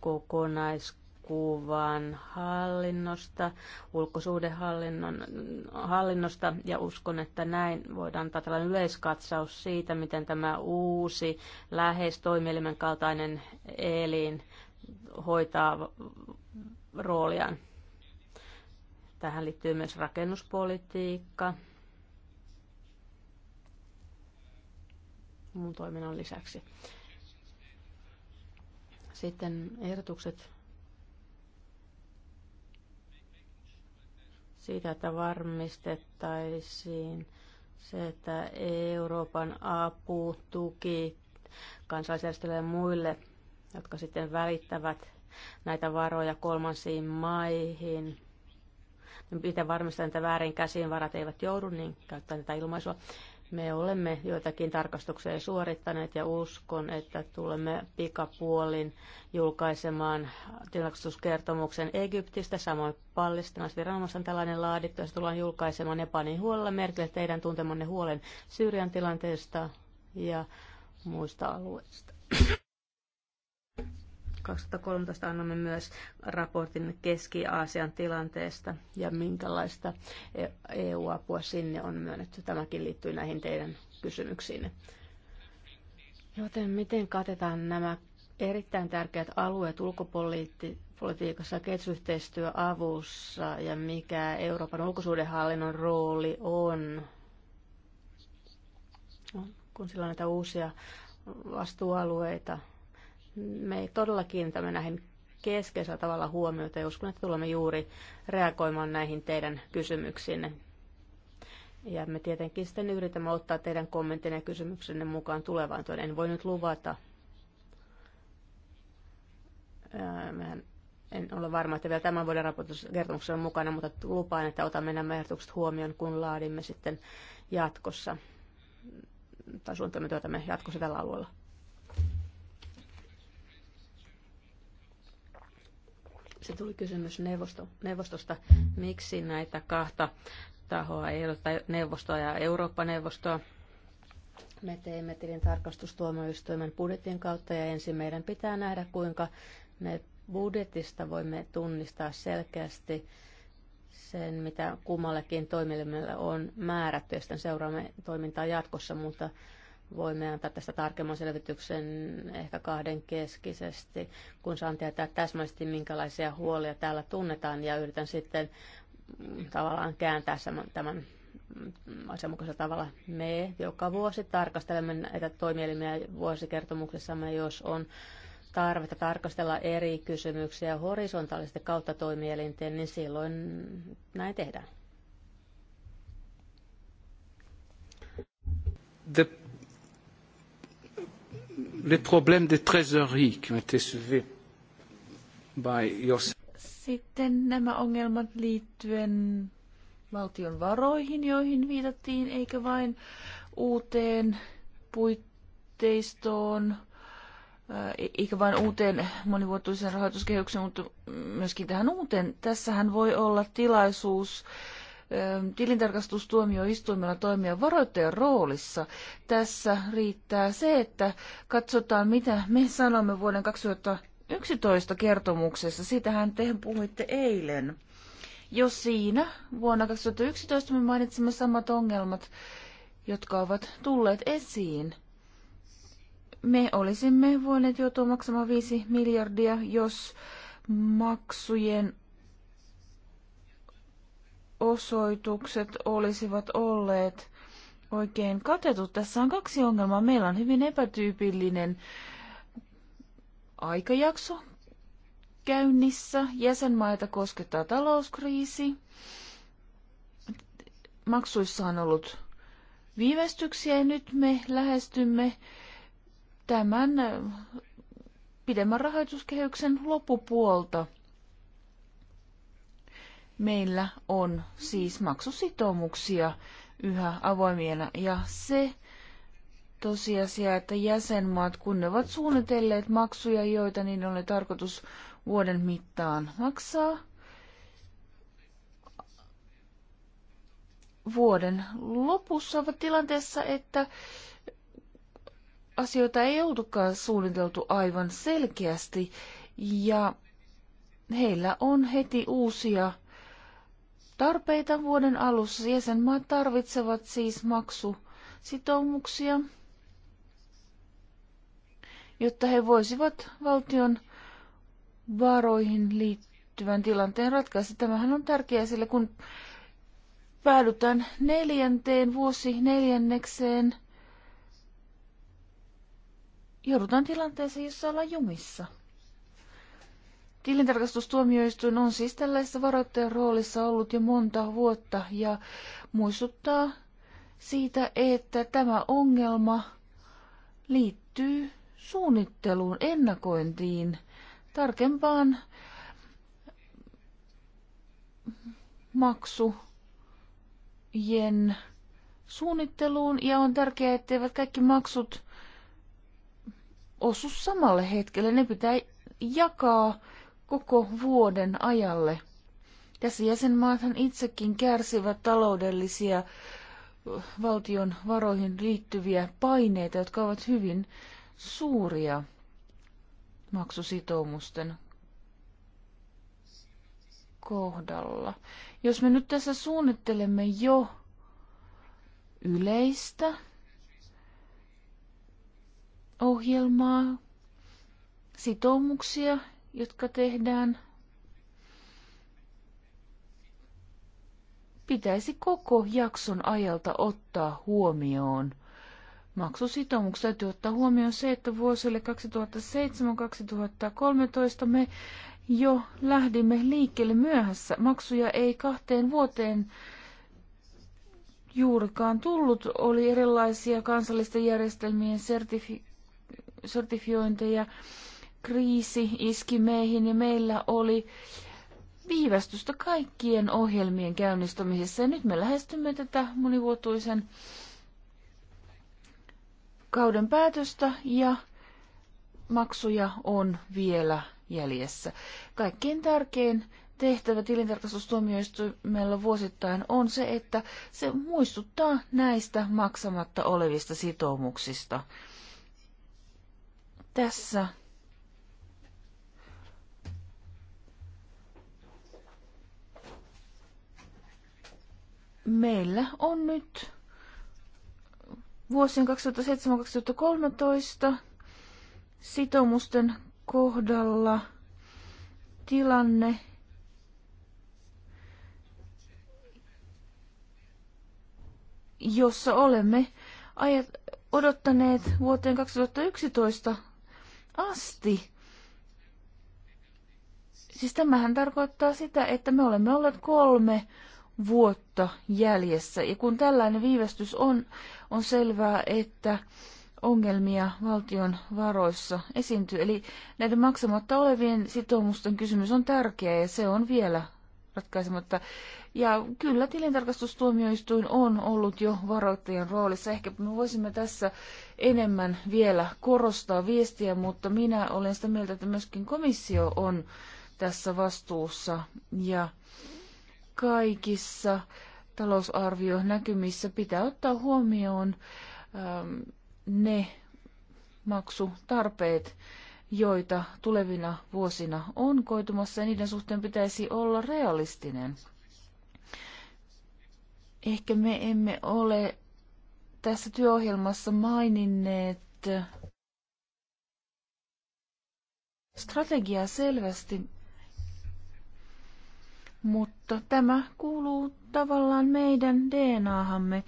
Speaker 3: kokonais kuvan hallinnosta, ulkosuhdehallinnon hallinnosta ja uskon, että näin voidaan antaa tällainen yleiskatsaus siitä, miten tämä uusi lähes toimielimen kaltainen elin hoitaa rooliaan. Tähän liittyy myös rakennuspolitiikka muun toiminnan lisäksi. Sitten ehdotukset siitä, että varmistettaisiin se, että Euroopan apu, tuki kansalaisjärjestöille ja muille, jotka sitten välittävät näitä varoja kolmansiin maihin, niin pitää varmistaa, että väärin käsiin varat eivät joudu, niin käyttää tätä ilmaisua. Me olemme joitakin tarkastuksia suorittaneet ja uskon, että tulemme pikapuolin julkaisemaan tilastuskertomuksen Egyptistä. Samoin palestinaisviranomaisen tällainen laadittu ja se tullaan julkaisemaan Nepanin huolella merkille teidän tuntemanne huolen Syyrian tilanteesta ja muista alueista. 2013 annamme myös raportin Keski-Aasian tilanteesta ja minkälaista EU-apua e sinne on myönnetty. Tämäkin liittyy näihin teidän kysymyksiinne. Joten miten katetaan nämä erittäin tärkeät alueet ulkopolitiikassa, kehitysyhteistyöavussa ja mikä Euroopan ulkosuudenhallinnon rooli on, kun sillä on näitä uusia vastuualueita me todella kiinnitämme näihin keskeisellä tavalla huomiota ja uskon, että tulemme juuri reagoimaan näihin teidän kysymyksiinne. Ja me tietenkin sitten yritämme ottaa teidän kommenttinne ja kysymyksenne mukaan tulevaan työn. En voi nyt luvata. Mehän en ole varma, että vielä tämän vuoden raportuskertomuksen on mukana, mutta lupaan, että otamme nämä ehdotukset huomioon, kun laadimme sitten jatkossa tai suunnitelmatyötämme jatkossa tällä alueella. Sitten tuli kysymys neuvosto, neuvostosta, miksi näitä kahta tahoa ei ole, tai neuvostoa ja Eurooppa-neuvostoa. Me teimme tilin tarkastustuomioistuimen budjetin kautta ja ensin meidän pitää nähdä, kuinka me budjetista voimme tunnistaa selkeästi sen, mitä kummallekin toimielimelle on määrätty ja sitten seuraamme toimintaa jatkossa, mutta Voimme antaa tästä tarkemman selvityksen ehkä kahden keskisesti, kun saan tietää täsmällisesti, minkälaisia huolia täällä tunnetaan, ja yritän sitten tavallaan kääntää tämän asianmukaisella tavalla. Me joka vuosi tarkastelemme näitä toimielimiä vuosikertomuksessamme, jos on tarvetta tarkastella eri kysymyksiä horisontaalisesti kautta toimielinten, niin silloin näin tehdään.
Speaker 2: The les problèmes de trésorerie qui ont été soulevés by yourself. Sitten nämä ongelmat liittyen valtion varoihin, joihin viitattiin, eikä vain uuteen puitteistoon, e- eikä vain uuteen monivuotuisen rahoituskehyksen, mutta myöskin tähän uuteen. Tässähän voi olla tilaisuus tilintarkastustuomioistuimella toimia varoittajan roolissa. Tässä riittää se, että katsotaan, mitä me sanomme vuoden 2011 kertomuksessa. Siitähän te puhuitte eilen. Jo siinä vuonna 2011 me mainitsimme samat ongelmat, jotka ovat tulleet esiin me olisimme voineet joutua maksamaan 5 miljardia, jos maksujen osoitukset olisivat olleet oikein katetut Tässä on kaksi ongelmaa. Meillä on hyvin epätyypillinen aikajakso käynnissä. Jäsenmaita koskettaa talouskriisi. Maksuissa on ollut viivästyksiä ja nyt me lähestymme tämän pidemmän rahoituskehyksen loppupuolta – meillä on siis maksusitoumuksia yhä avoimena ja se tosiasia, että jäsenmaat, kun ne ovat suunnitelleet maksuja, joita niin oli tarkoitus vuoden mittaan maksaa, vuoden lopussa ovat tilanteessa, että asioita ei oltukaan suunniteltu aivan selkeästi ja heillä on heti uusia tarpeita vuoden alussa. Jäsenmaat tarvitsevat siis maksusitoumuksia, jotta he voisivat valtion varoihin liittyvän tilanteen ratkaista. Tämähän on tärkeää, sillä kun päädytään neljänteen vuosi neljännekseen, joudutaan tilanteeseen, jossa ollaan jumissa. Tilintarkastustuomioistuin on siis tällaisessa varoittajan roolissa ollut jo monta vuotta ja muistuttaa siitä, että tämä ongelma liittyy suunnitteluun, ennakointiin, tarkempaan maksujen suunnitteluun ja on tärkeää, etteivät kaikki maksut osu samalle hetkelle. Ne pitää jakaa koko vuoden ajalle. Tässä jäsenmaathan itsekin kärsivät taloudellisia valtion varoihin liittyviä paineita, jotka ovat hyvin suuria maksusitoumusten kohdalla. Jos me nyt tässä suunnittelemme jo yleistä ohjelmaa, sitoumuksia, jotka tehdään, pitäisi koko jakson ajalta ottaa huomioon. Maksusitoumus täytyy ottaa huomioon se, että vuosille 2007-2013 me jo lähdimme liikkeelle myöhässä. Maksuja ei kahteen vuoteen juurikaan tullut. Oli erilaisia kansallisten järjestelmien sertifi- sertifiointeja kriisi iski meihin ja meillä oli viivästystä kaikkien ohjelmien käynnistämisessä. Ja nyt me lähestymme tätä monivuotuisen kauden päätöstä ja maksuja on vielä jäljessä. Kaikkein tärkein tehtävä tilintarkastustuomioistuimella vuosittain on se, että se muistuttaa näistä maksamatta olevista sitoumuksista. Tässä meillä on nyt vuosien 2007-2013 sitoumusten kohdalla tilanne, jossa olemme ajat, odottaneet vuoteen 2011 asti. Siis tämähän tarkoittaa sitä, että me olemme olleet kolme vuotta jäljessä. Ja kun tällainen viivästys on, on selvää, että ongelmia valtion varoissa esiintyy. Eli näiden maksamatta olevien sitoumusten kysymys on tärkeä ja se on vielä ratkaisematta. Ja kyllä tilintarkastustuomioistuin on ollut jo varoittajan roolissa. Ehkä me voisimme tässä enemmän vielä korostaa viestiä, mutta minä olen sitä mieltä, että myöskin komissio on tässä vastuussa. Ja kaikissa talousarvionäkymissä pitää ottaa huomioon ähm, ne maksutarpeet, joita tulevina vuosina on koitumassa ja niiden suhteen pitäisi olla realistinen. Ehkä me emme ole tässä työohjelmassa maininneet strategiaa selvästi, mutta tämä kuuluu tavallaan meidän DNAhamme.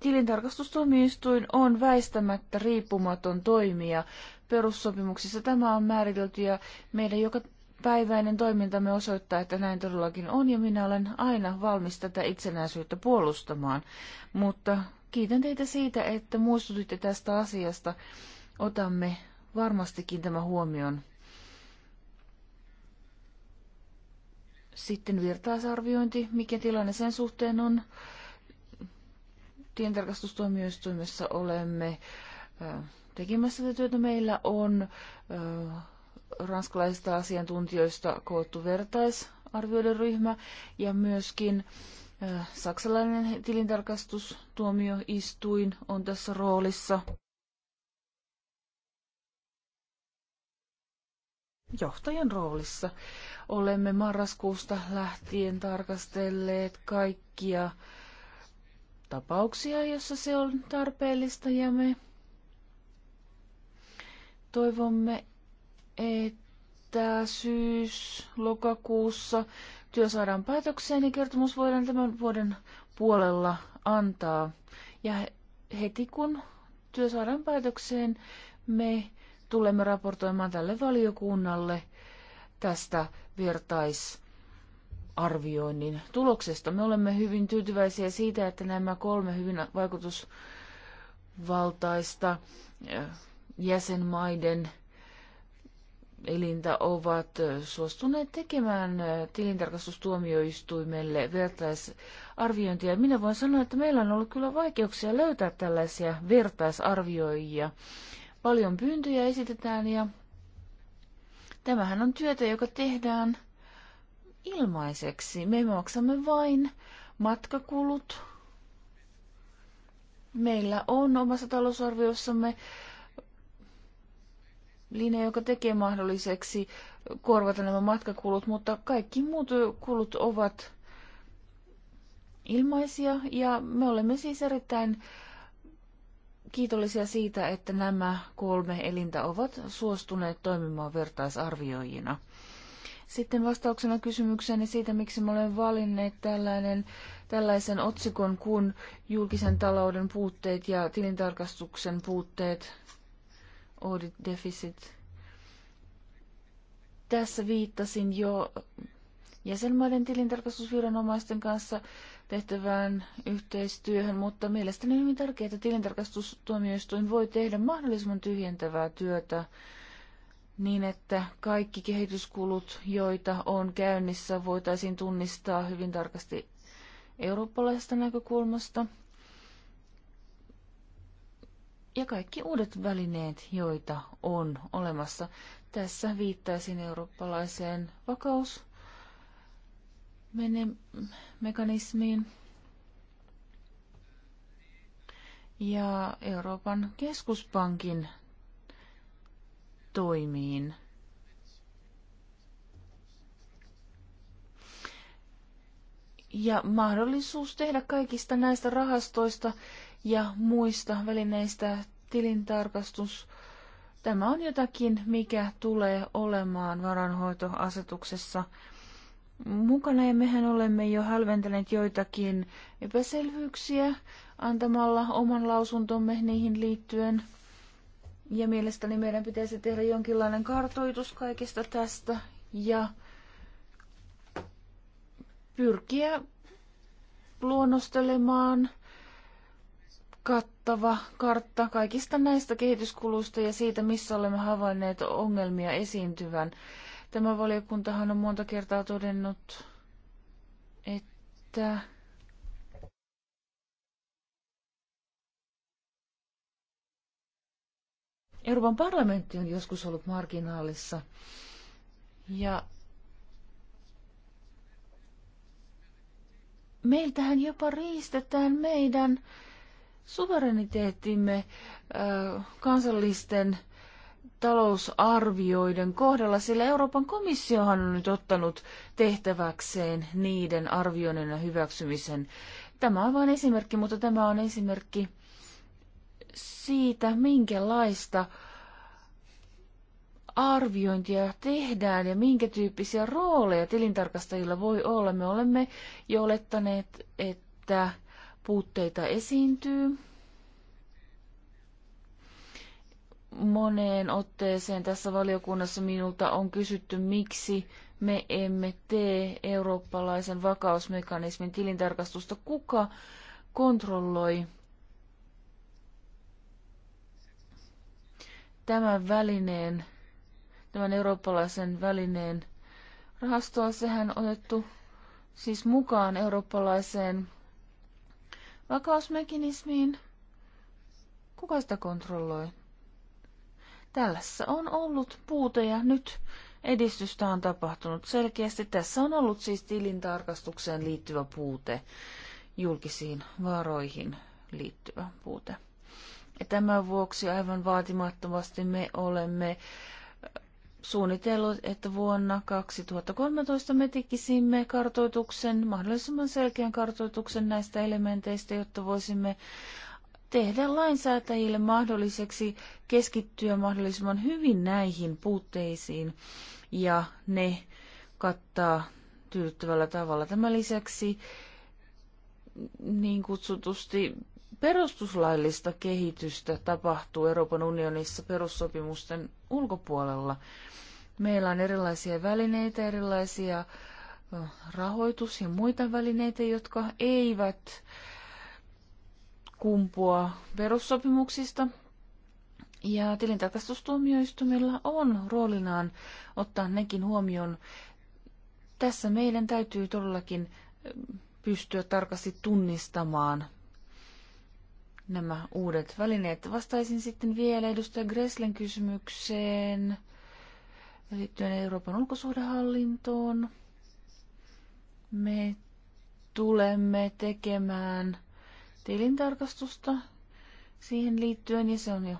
Speaker 2: Tilintarkastustuomioistuin on väistämättä riippumaton toimija. Perussopimuksissa tämä on määritelty ja meidän joka päiväinen toimintamme osoittaa, että näin todellakin on ja minä olen aina valmis tätä itsenäisyyttä puolustamaan. Mutta kiitän teitä siitä, että muistutitte tästä asiasta. Otamme varmastikin tämä huomioon Sitten virtaasarviointi, mikä tilanne sen suhteen on. Tientarkastustoimioistuimessa olemme tekemässä tätä työtä. Meillä on ranskalaisista asiantuntijoista koottu vertaisarvioiden ryhmä ja myöskin saksalainen tilintarkastustuomioistuin on tässä roolissa. Johtajan roolissa. Olemme marraskuusta lähtien tarkastelleet kaikkia tapauksia, jossa se on tarpeellista ja me toivomme, että syys-lokakuussa työ saadaan päätökseen ja kertomus voidaan tämän vuoden puolella antaa. Ja heti kun työ saadaan päätökseen, me tulemme raportoimaan tälle valiokunnalle tästä vertais arvioinnin tuloksesta. Me olemme hyvin tyytyväisiä siitä, että nämä kolme hyvin vaikutusvaltaista eh, jäsenmaiden elintä ovat eh, suostuneet tekemään eh, tilintarkastustuomioistuimelle vertaisarviointia. Minä voin sanoa, että meillä on ollut kyllä vaikeuksia löytää tällaisia vertaisarvioijia. Paljon pyyntöjä esitetään ja Tämähän on työtä, joka tehdään ilmaiseksi. Me maksamme vain matkakulut. Meillä on omassa talousarviossamme linja, joka tekee mahdolliseksi korvata nämä matkakulut, mutta kaikki muut kulut ovat ilmaisia ja me olemme siis erittäin äh, kiitollisia siitä, että nämä kolme elintä ovat suostuneet toimimaan vertaisarvioijina. Sitten vastauksena kysymykseeni siitä, miksi me olen valinneet tällainen, tällaisen otsikon kuin julkisen talouden puutteet ja tilintarkastuksen puutteet, audit deficit. Tässä viittasin jo jäsenmaiden tilintarkastusviranomaisten kanssa tehtävään yhteistyöhön, mutta mielestäni on hyvin tärkeää, että tilintarkastustuomioistuin voi tehdä mahdollisimman tyhjentävää työtä niin, että kaikki kehityskulut, joita on käynnissä, voitaisiin tunnistaa hyvin tarkasti eurooppalaisesta näkökulmasta. Ja kaikki uudet välineet, joita on olemassa. Tässä viittaisin eurooppalaiseen vakaus- mekanismiin. Ja Euroopan keskuspankin toimiin. Ja mahdollisuus tehdä kaikista näistä rahastoista ja muista välineistä tilintarkastus. Tämä on jotakin, mikä tulee olemaan varanhoitoasetuksessa mukana ja mehän olemme jo hälventäneet joitakin epäselvyyksiä antamalla oman lausuntomme niihin liittyen. Ja mielestäni meidän pitäisi tehdä jonkinlainen kartoitus kaikesta tästä ja pyrkiä luonnostelemaan kattava kartta kaikista näistä kehityskuluista ja siitä, missä olemme havainneet ongelmia esiintyvän. Tämä valiokuntahan on monta kertaa todennut, että Euroopan parlamentti on joskus ollut marginaalissa. Ja meiltähän jopa riistetään meidän suvereniteettimme kansallisten talousarvioiden kohdalla, sillä Euroopan komissiohan on nyt ottanut tehtäväkseen niiden arvioinnin ja hyväksymisen. Tämä on vain esimerkki, mutta tämä on esimerkki siitä, minkälaista arviointia tehdään ja minkä tyyppisiä rooleja tilintarkastajilla voi olla. Me olemme jo olettaneet, että puutteita esiintyy. moneen otteeseen tässä valiokunnassa minulta on kysytty, miksi me emme tee eurooppalaisen vakausmekanismin tilintarkastusta. Kuka kontrolloi tämän välineen, tämän eurooppalaisen välineen rahastoa? Sehän on otettu siis mukaan eurooppalaiseen vakausmekanismiin. Kuka sitä kontrolloi? Tällässä on ollut puute ja nyt edistystä on tapahtunut selkeästi. Tässä on ollut siis tilintarkastukseen liittyvä puute, julkisiin varoihin liittyvä puute. Ja tämän vuoksi aivan vaatimattomasti me olemme äh, suunnitellut, että vuonna 2013 me tekisimme kartoituksen, mahdollisimman selkeän kartoituksen näistä elementeistä, jotta voisimme tehdä lainsäätäjille mahdolliseksi keskittyä mahdollisimman hyvin näihin puutteisiin ja ne kattaa tyydyttävällä tavalla. Tämän lisäksi niin kutsutusti perustuslaillista kehitystä tapahtuu Euroopan unionissa perussopimusten ulkopuolella. Meillä on erilaisia välineitä, erilaisia rahoitus- ja muita välineitä, jotka eivät kumpua perussopimuksista. Ja tilintarkastustuomioistumilla on roolinaan ottaa nekin huomioon. Tässä meidän täytyy todellakin eh, pystyä tarkasti tunnistamaan nämä uudet välineet. Vastaisin sitten vielä edustaja Greslen kysymykseen liittyen Euroopan ulkosuhdehallintoon. Me tulemme tekemään tilintarkastusta siihen liittyen ja se on jo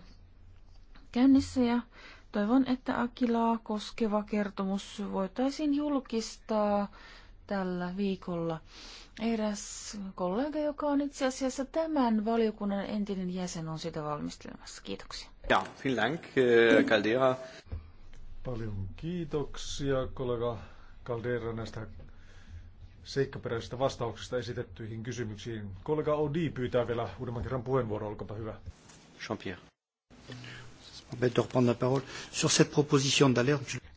Speaker 2: käynnissä ja toivon, että Akilaa koskeva kertomus voitaisiin julkistaa tällä viikolla. Eräs kollega, joka on itse asiassa tämän valiokunnan entinen jäsen, on sitä valmistelemassa.
Speaker 1: Kiitoksia. Ja, dank, äh, Caldera. Paljon kiitoksia, kollega Caldera, näistä seikkaperäisistä vastauksista esitettyihin kysymyksiin. Kollega Odi pyytää vielä uudemman kerran puheenvuoron, olkaapa hyvä. Jean-Pierre.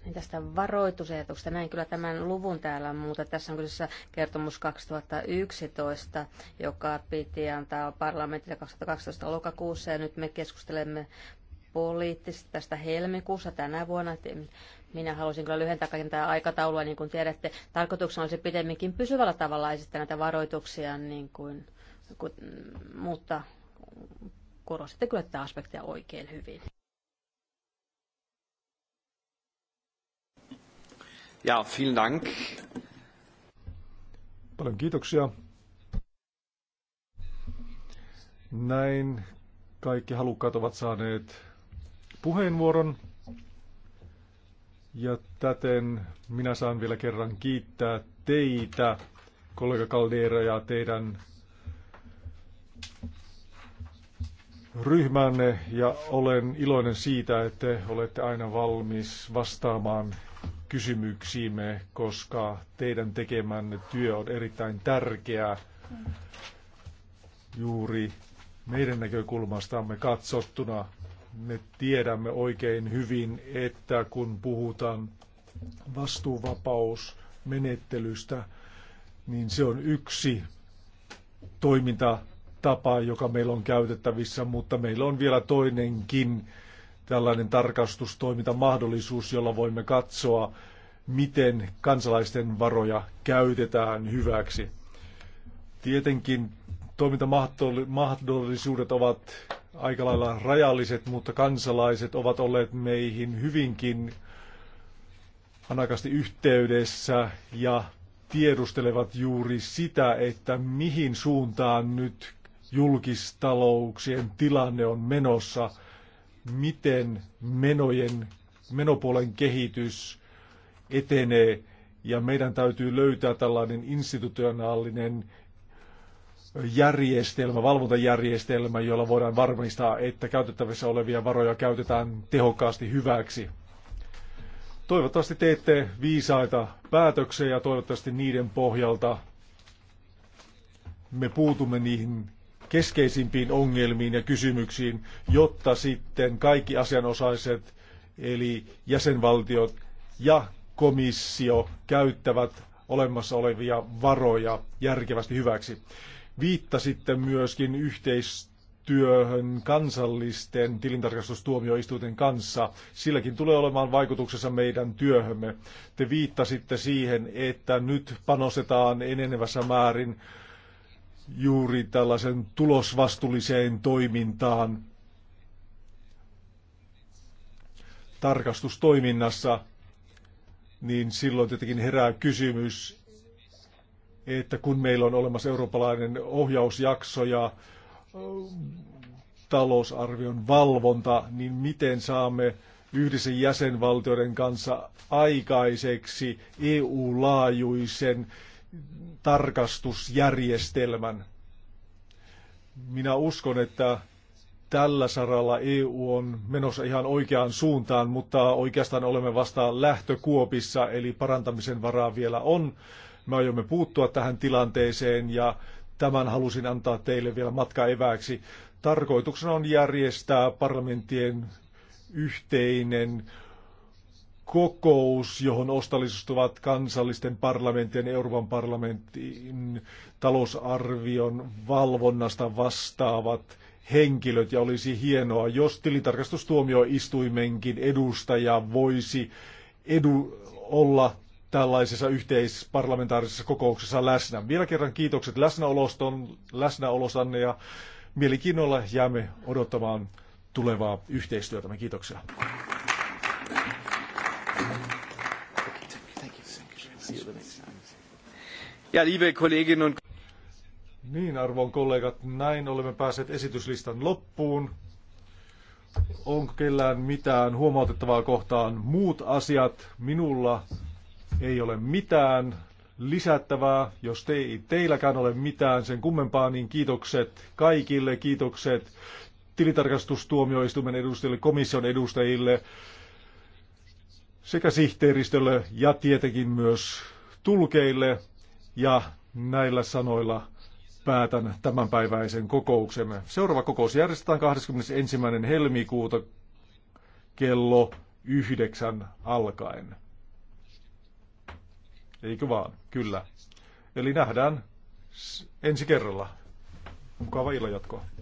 Speaker 3: Niin tästä varoitusehdotuksesta näin kyllä tämän luvun täällä, mutta tässä on kyseessä kertomus 2011, joka piti antaa parlamentille 2012 lokakuussa ja nyt me keskustelemme poliittisesti tästä helmikuussa tänä vuonna. Minä halusin kyllä lyhentää kaiken tämä aikataulua, niin kuin tiedätte. Tarkoituksena olisi pidemminkin pysyvällä tavalla esittää näitä varoituksia, niin kuin, mm, mutta korostitte kyllä tätä aspektia oikein hyvin. Ja, vielen Dank.
Speaker 1: Paljon kiitoksia. Näin kaikki halukkaat ovat saaneet puheenvuoron. Ja täten minä saan vielä kerran kiittää teitä, kollega Caldera ja teidän ryhmänne ja olen iloinen siitä, että olette aina valmis vastaamaan kysymyksiimme, koska teidän tekemänne työ on erittäin tärkeää juuri meidän näkökulmastamme katsottuna me tiedämme oikein hyvin, että kun puhutaan vastuuvapausmenettelystä, niin se on yksi toimintatapa, joka meillä on käytettävissä, mutta meillä on vielä toinenkin tällainen tarkastustoimintamahdollisuus, jolla voimme katsoa, miten kansalaisten varoja käytetään hyväksi. Tietenkin toimintamahdollisuudet ovat aika lailla rajalliset, mutta kansalaiset ovat olleet meihin hyvinkin hanakasti yhteydessä ja tiedustelevat juuri sitä, että mihin suuntaan nyt julkistalouksien tilanne on menossa, miten menojen, menopuolen kehitys etenee ja meidän täytyy löytää tällainen institutionaalinen järjestelmä, valvontajärjestelmä, jolla voidaan varmistaa, että käytettävissä olevia varoja käytetään tehokkaasti hyväksi. Toivottavasti teette viisaita päätöksiä ja toivottavasti niiden pohjalta me puutumme niihin keskeisimpiin ongelmiin ja kysymyksiin, jotta sitten kaikki asianosaiset, eli jäsenvaltiot ja komissio käyttävät olemassa olevia varoja järkevästi hyväksi. Viittasitte myöskin yhteistyöhön kansallisten tilintarkastustuomioistuinten kanssa. Silläkin tulee olemaan vaikutuksessa meidän työhömme. Te viittasitte siihen, että nyt panostetaan enenevässä määrin juuri tällaisen tulosvastuulliseen toimintaan tarkastustoiminnassa, niin silloin tietenkin herää kysymys, että kun meillä on olemassa eurooppalainen ohjausjakso ja talousarvion valvonta, niin miten saamme yhdessä jäsenvaltioiden kanssa aikaiseksi EU-laajuisen tarkastusjärjestelmän. Minä uskon, että tällä saralla EU on menossa ihan oikeaan suuntaan, mutta oikeastaan olemme vasta lähtökuopissa, eli parantamisen varaa vielä on. Me aiomme puuttua tähän tilanteeseen ja tämän halusin antaa teille vielä matkaeväksi. Tarkoituksena on järjestää parlamenttien yhteinen kokous, johon osallistuvat kansallisten parlamenttien Euroopan parlamentin talousarvion valvonnasta vastaavat henkilöt. Ja olisi hienoa, jos tilintarkastustuomioistuimenkin edustaja voisi edu olla tällaisessa yhteisparlamentaarisessa kokouksessa läsnä. Vielä kerran kiitokset läsnäoloston, läsnäolostanne ja mielenkiinnolla jäämme odottamaan tulevaa yhteistyötämme. Kiitoksia. Ja, liebe Kolleginnen und niin, arvon kollegat, näin olemme päässeet esityslistan loppuun. Onko kellään mitään huomautettavaa kohtaan? Muut asiat minulla ei ole mitään lisättävää. Jos te, ei teilläkään ole mitään sen kummempaa, niin kiitokset kaikille, kiitokset tilitarkastustuomioistuimen edustajille, komission edustajille sekä sihteeristölle ja tietenkin myös tulkeille. Ja näillä sanoilla päätän tämänpäiväisen kokouksemme. Seuraava kokous järjestetään 21. helmikuuta kello yhdeksän alkaen. Eikö vaan? Kyllä. Eli nähdään ensi kerralla. Mukava jatkoa.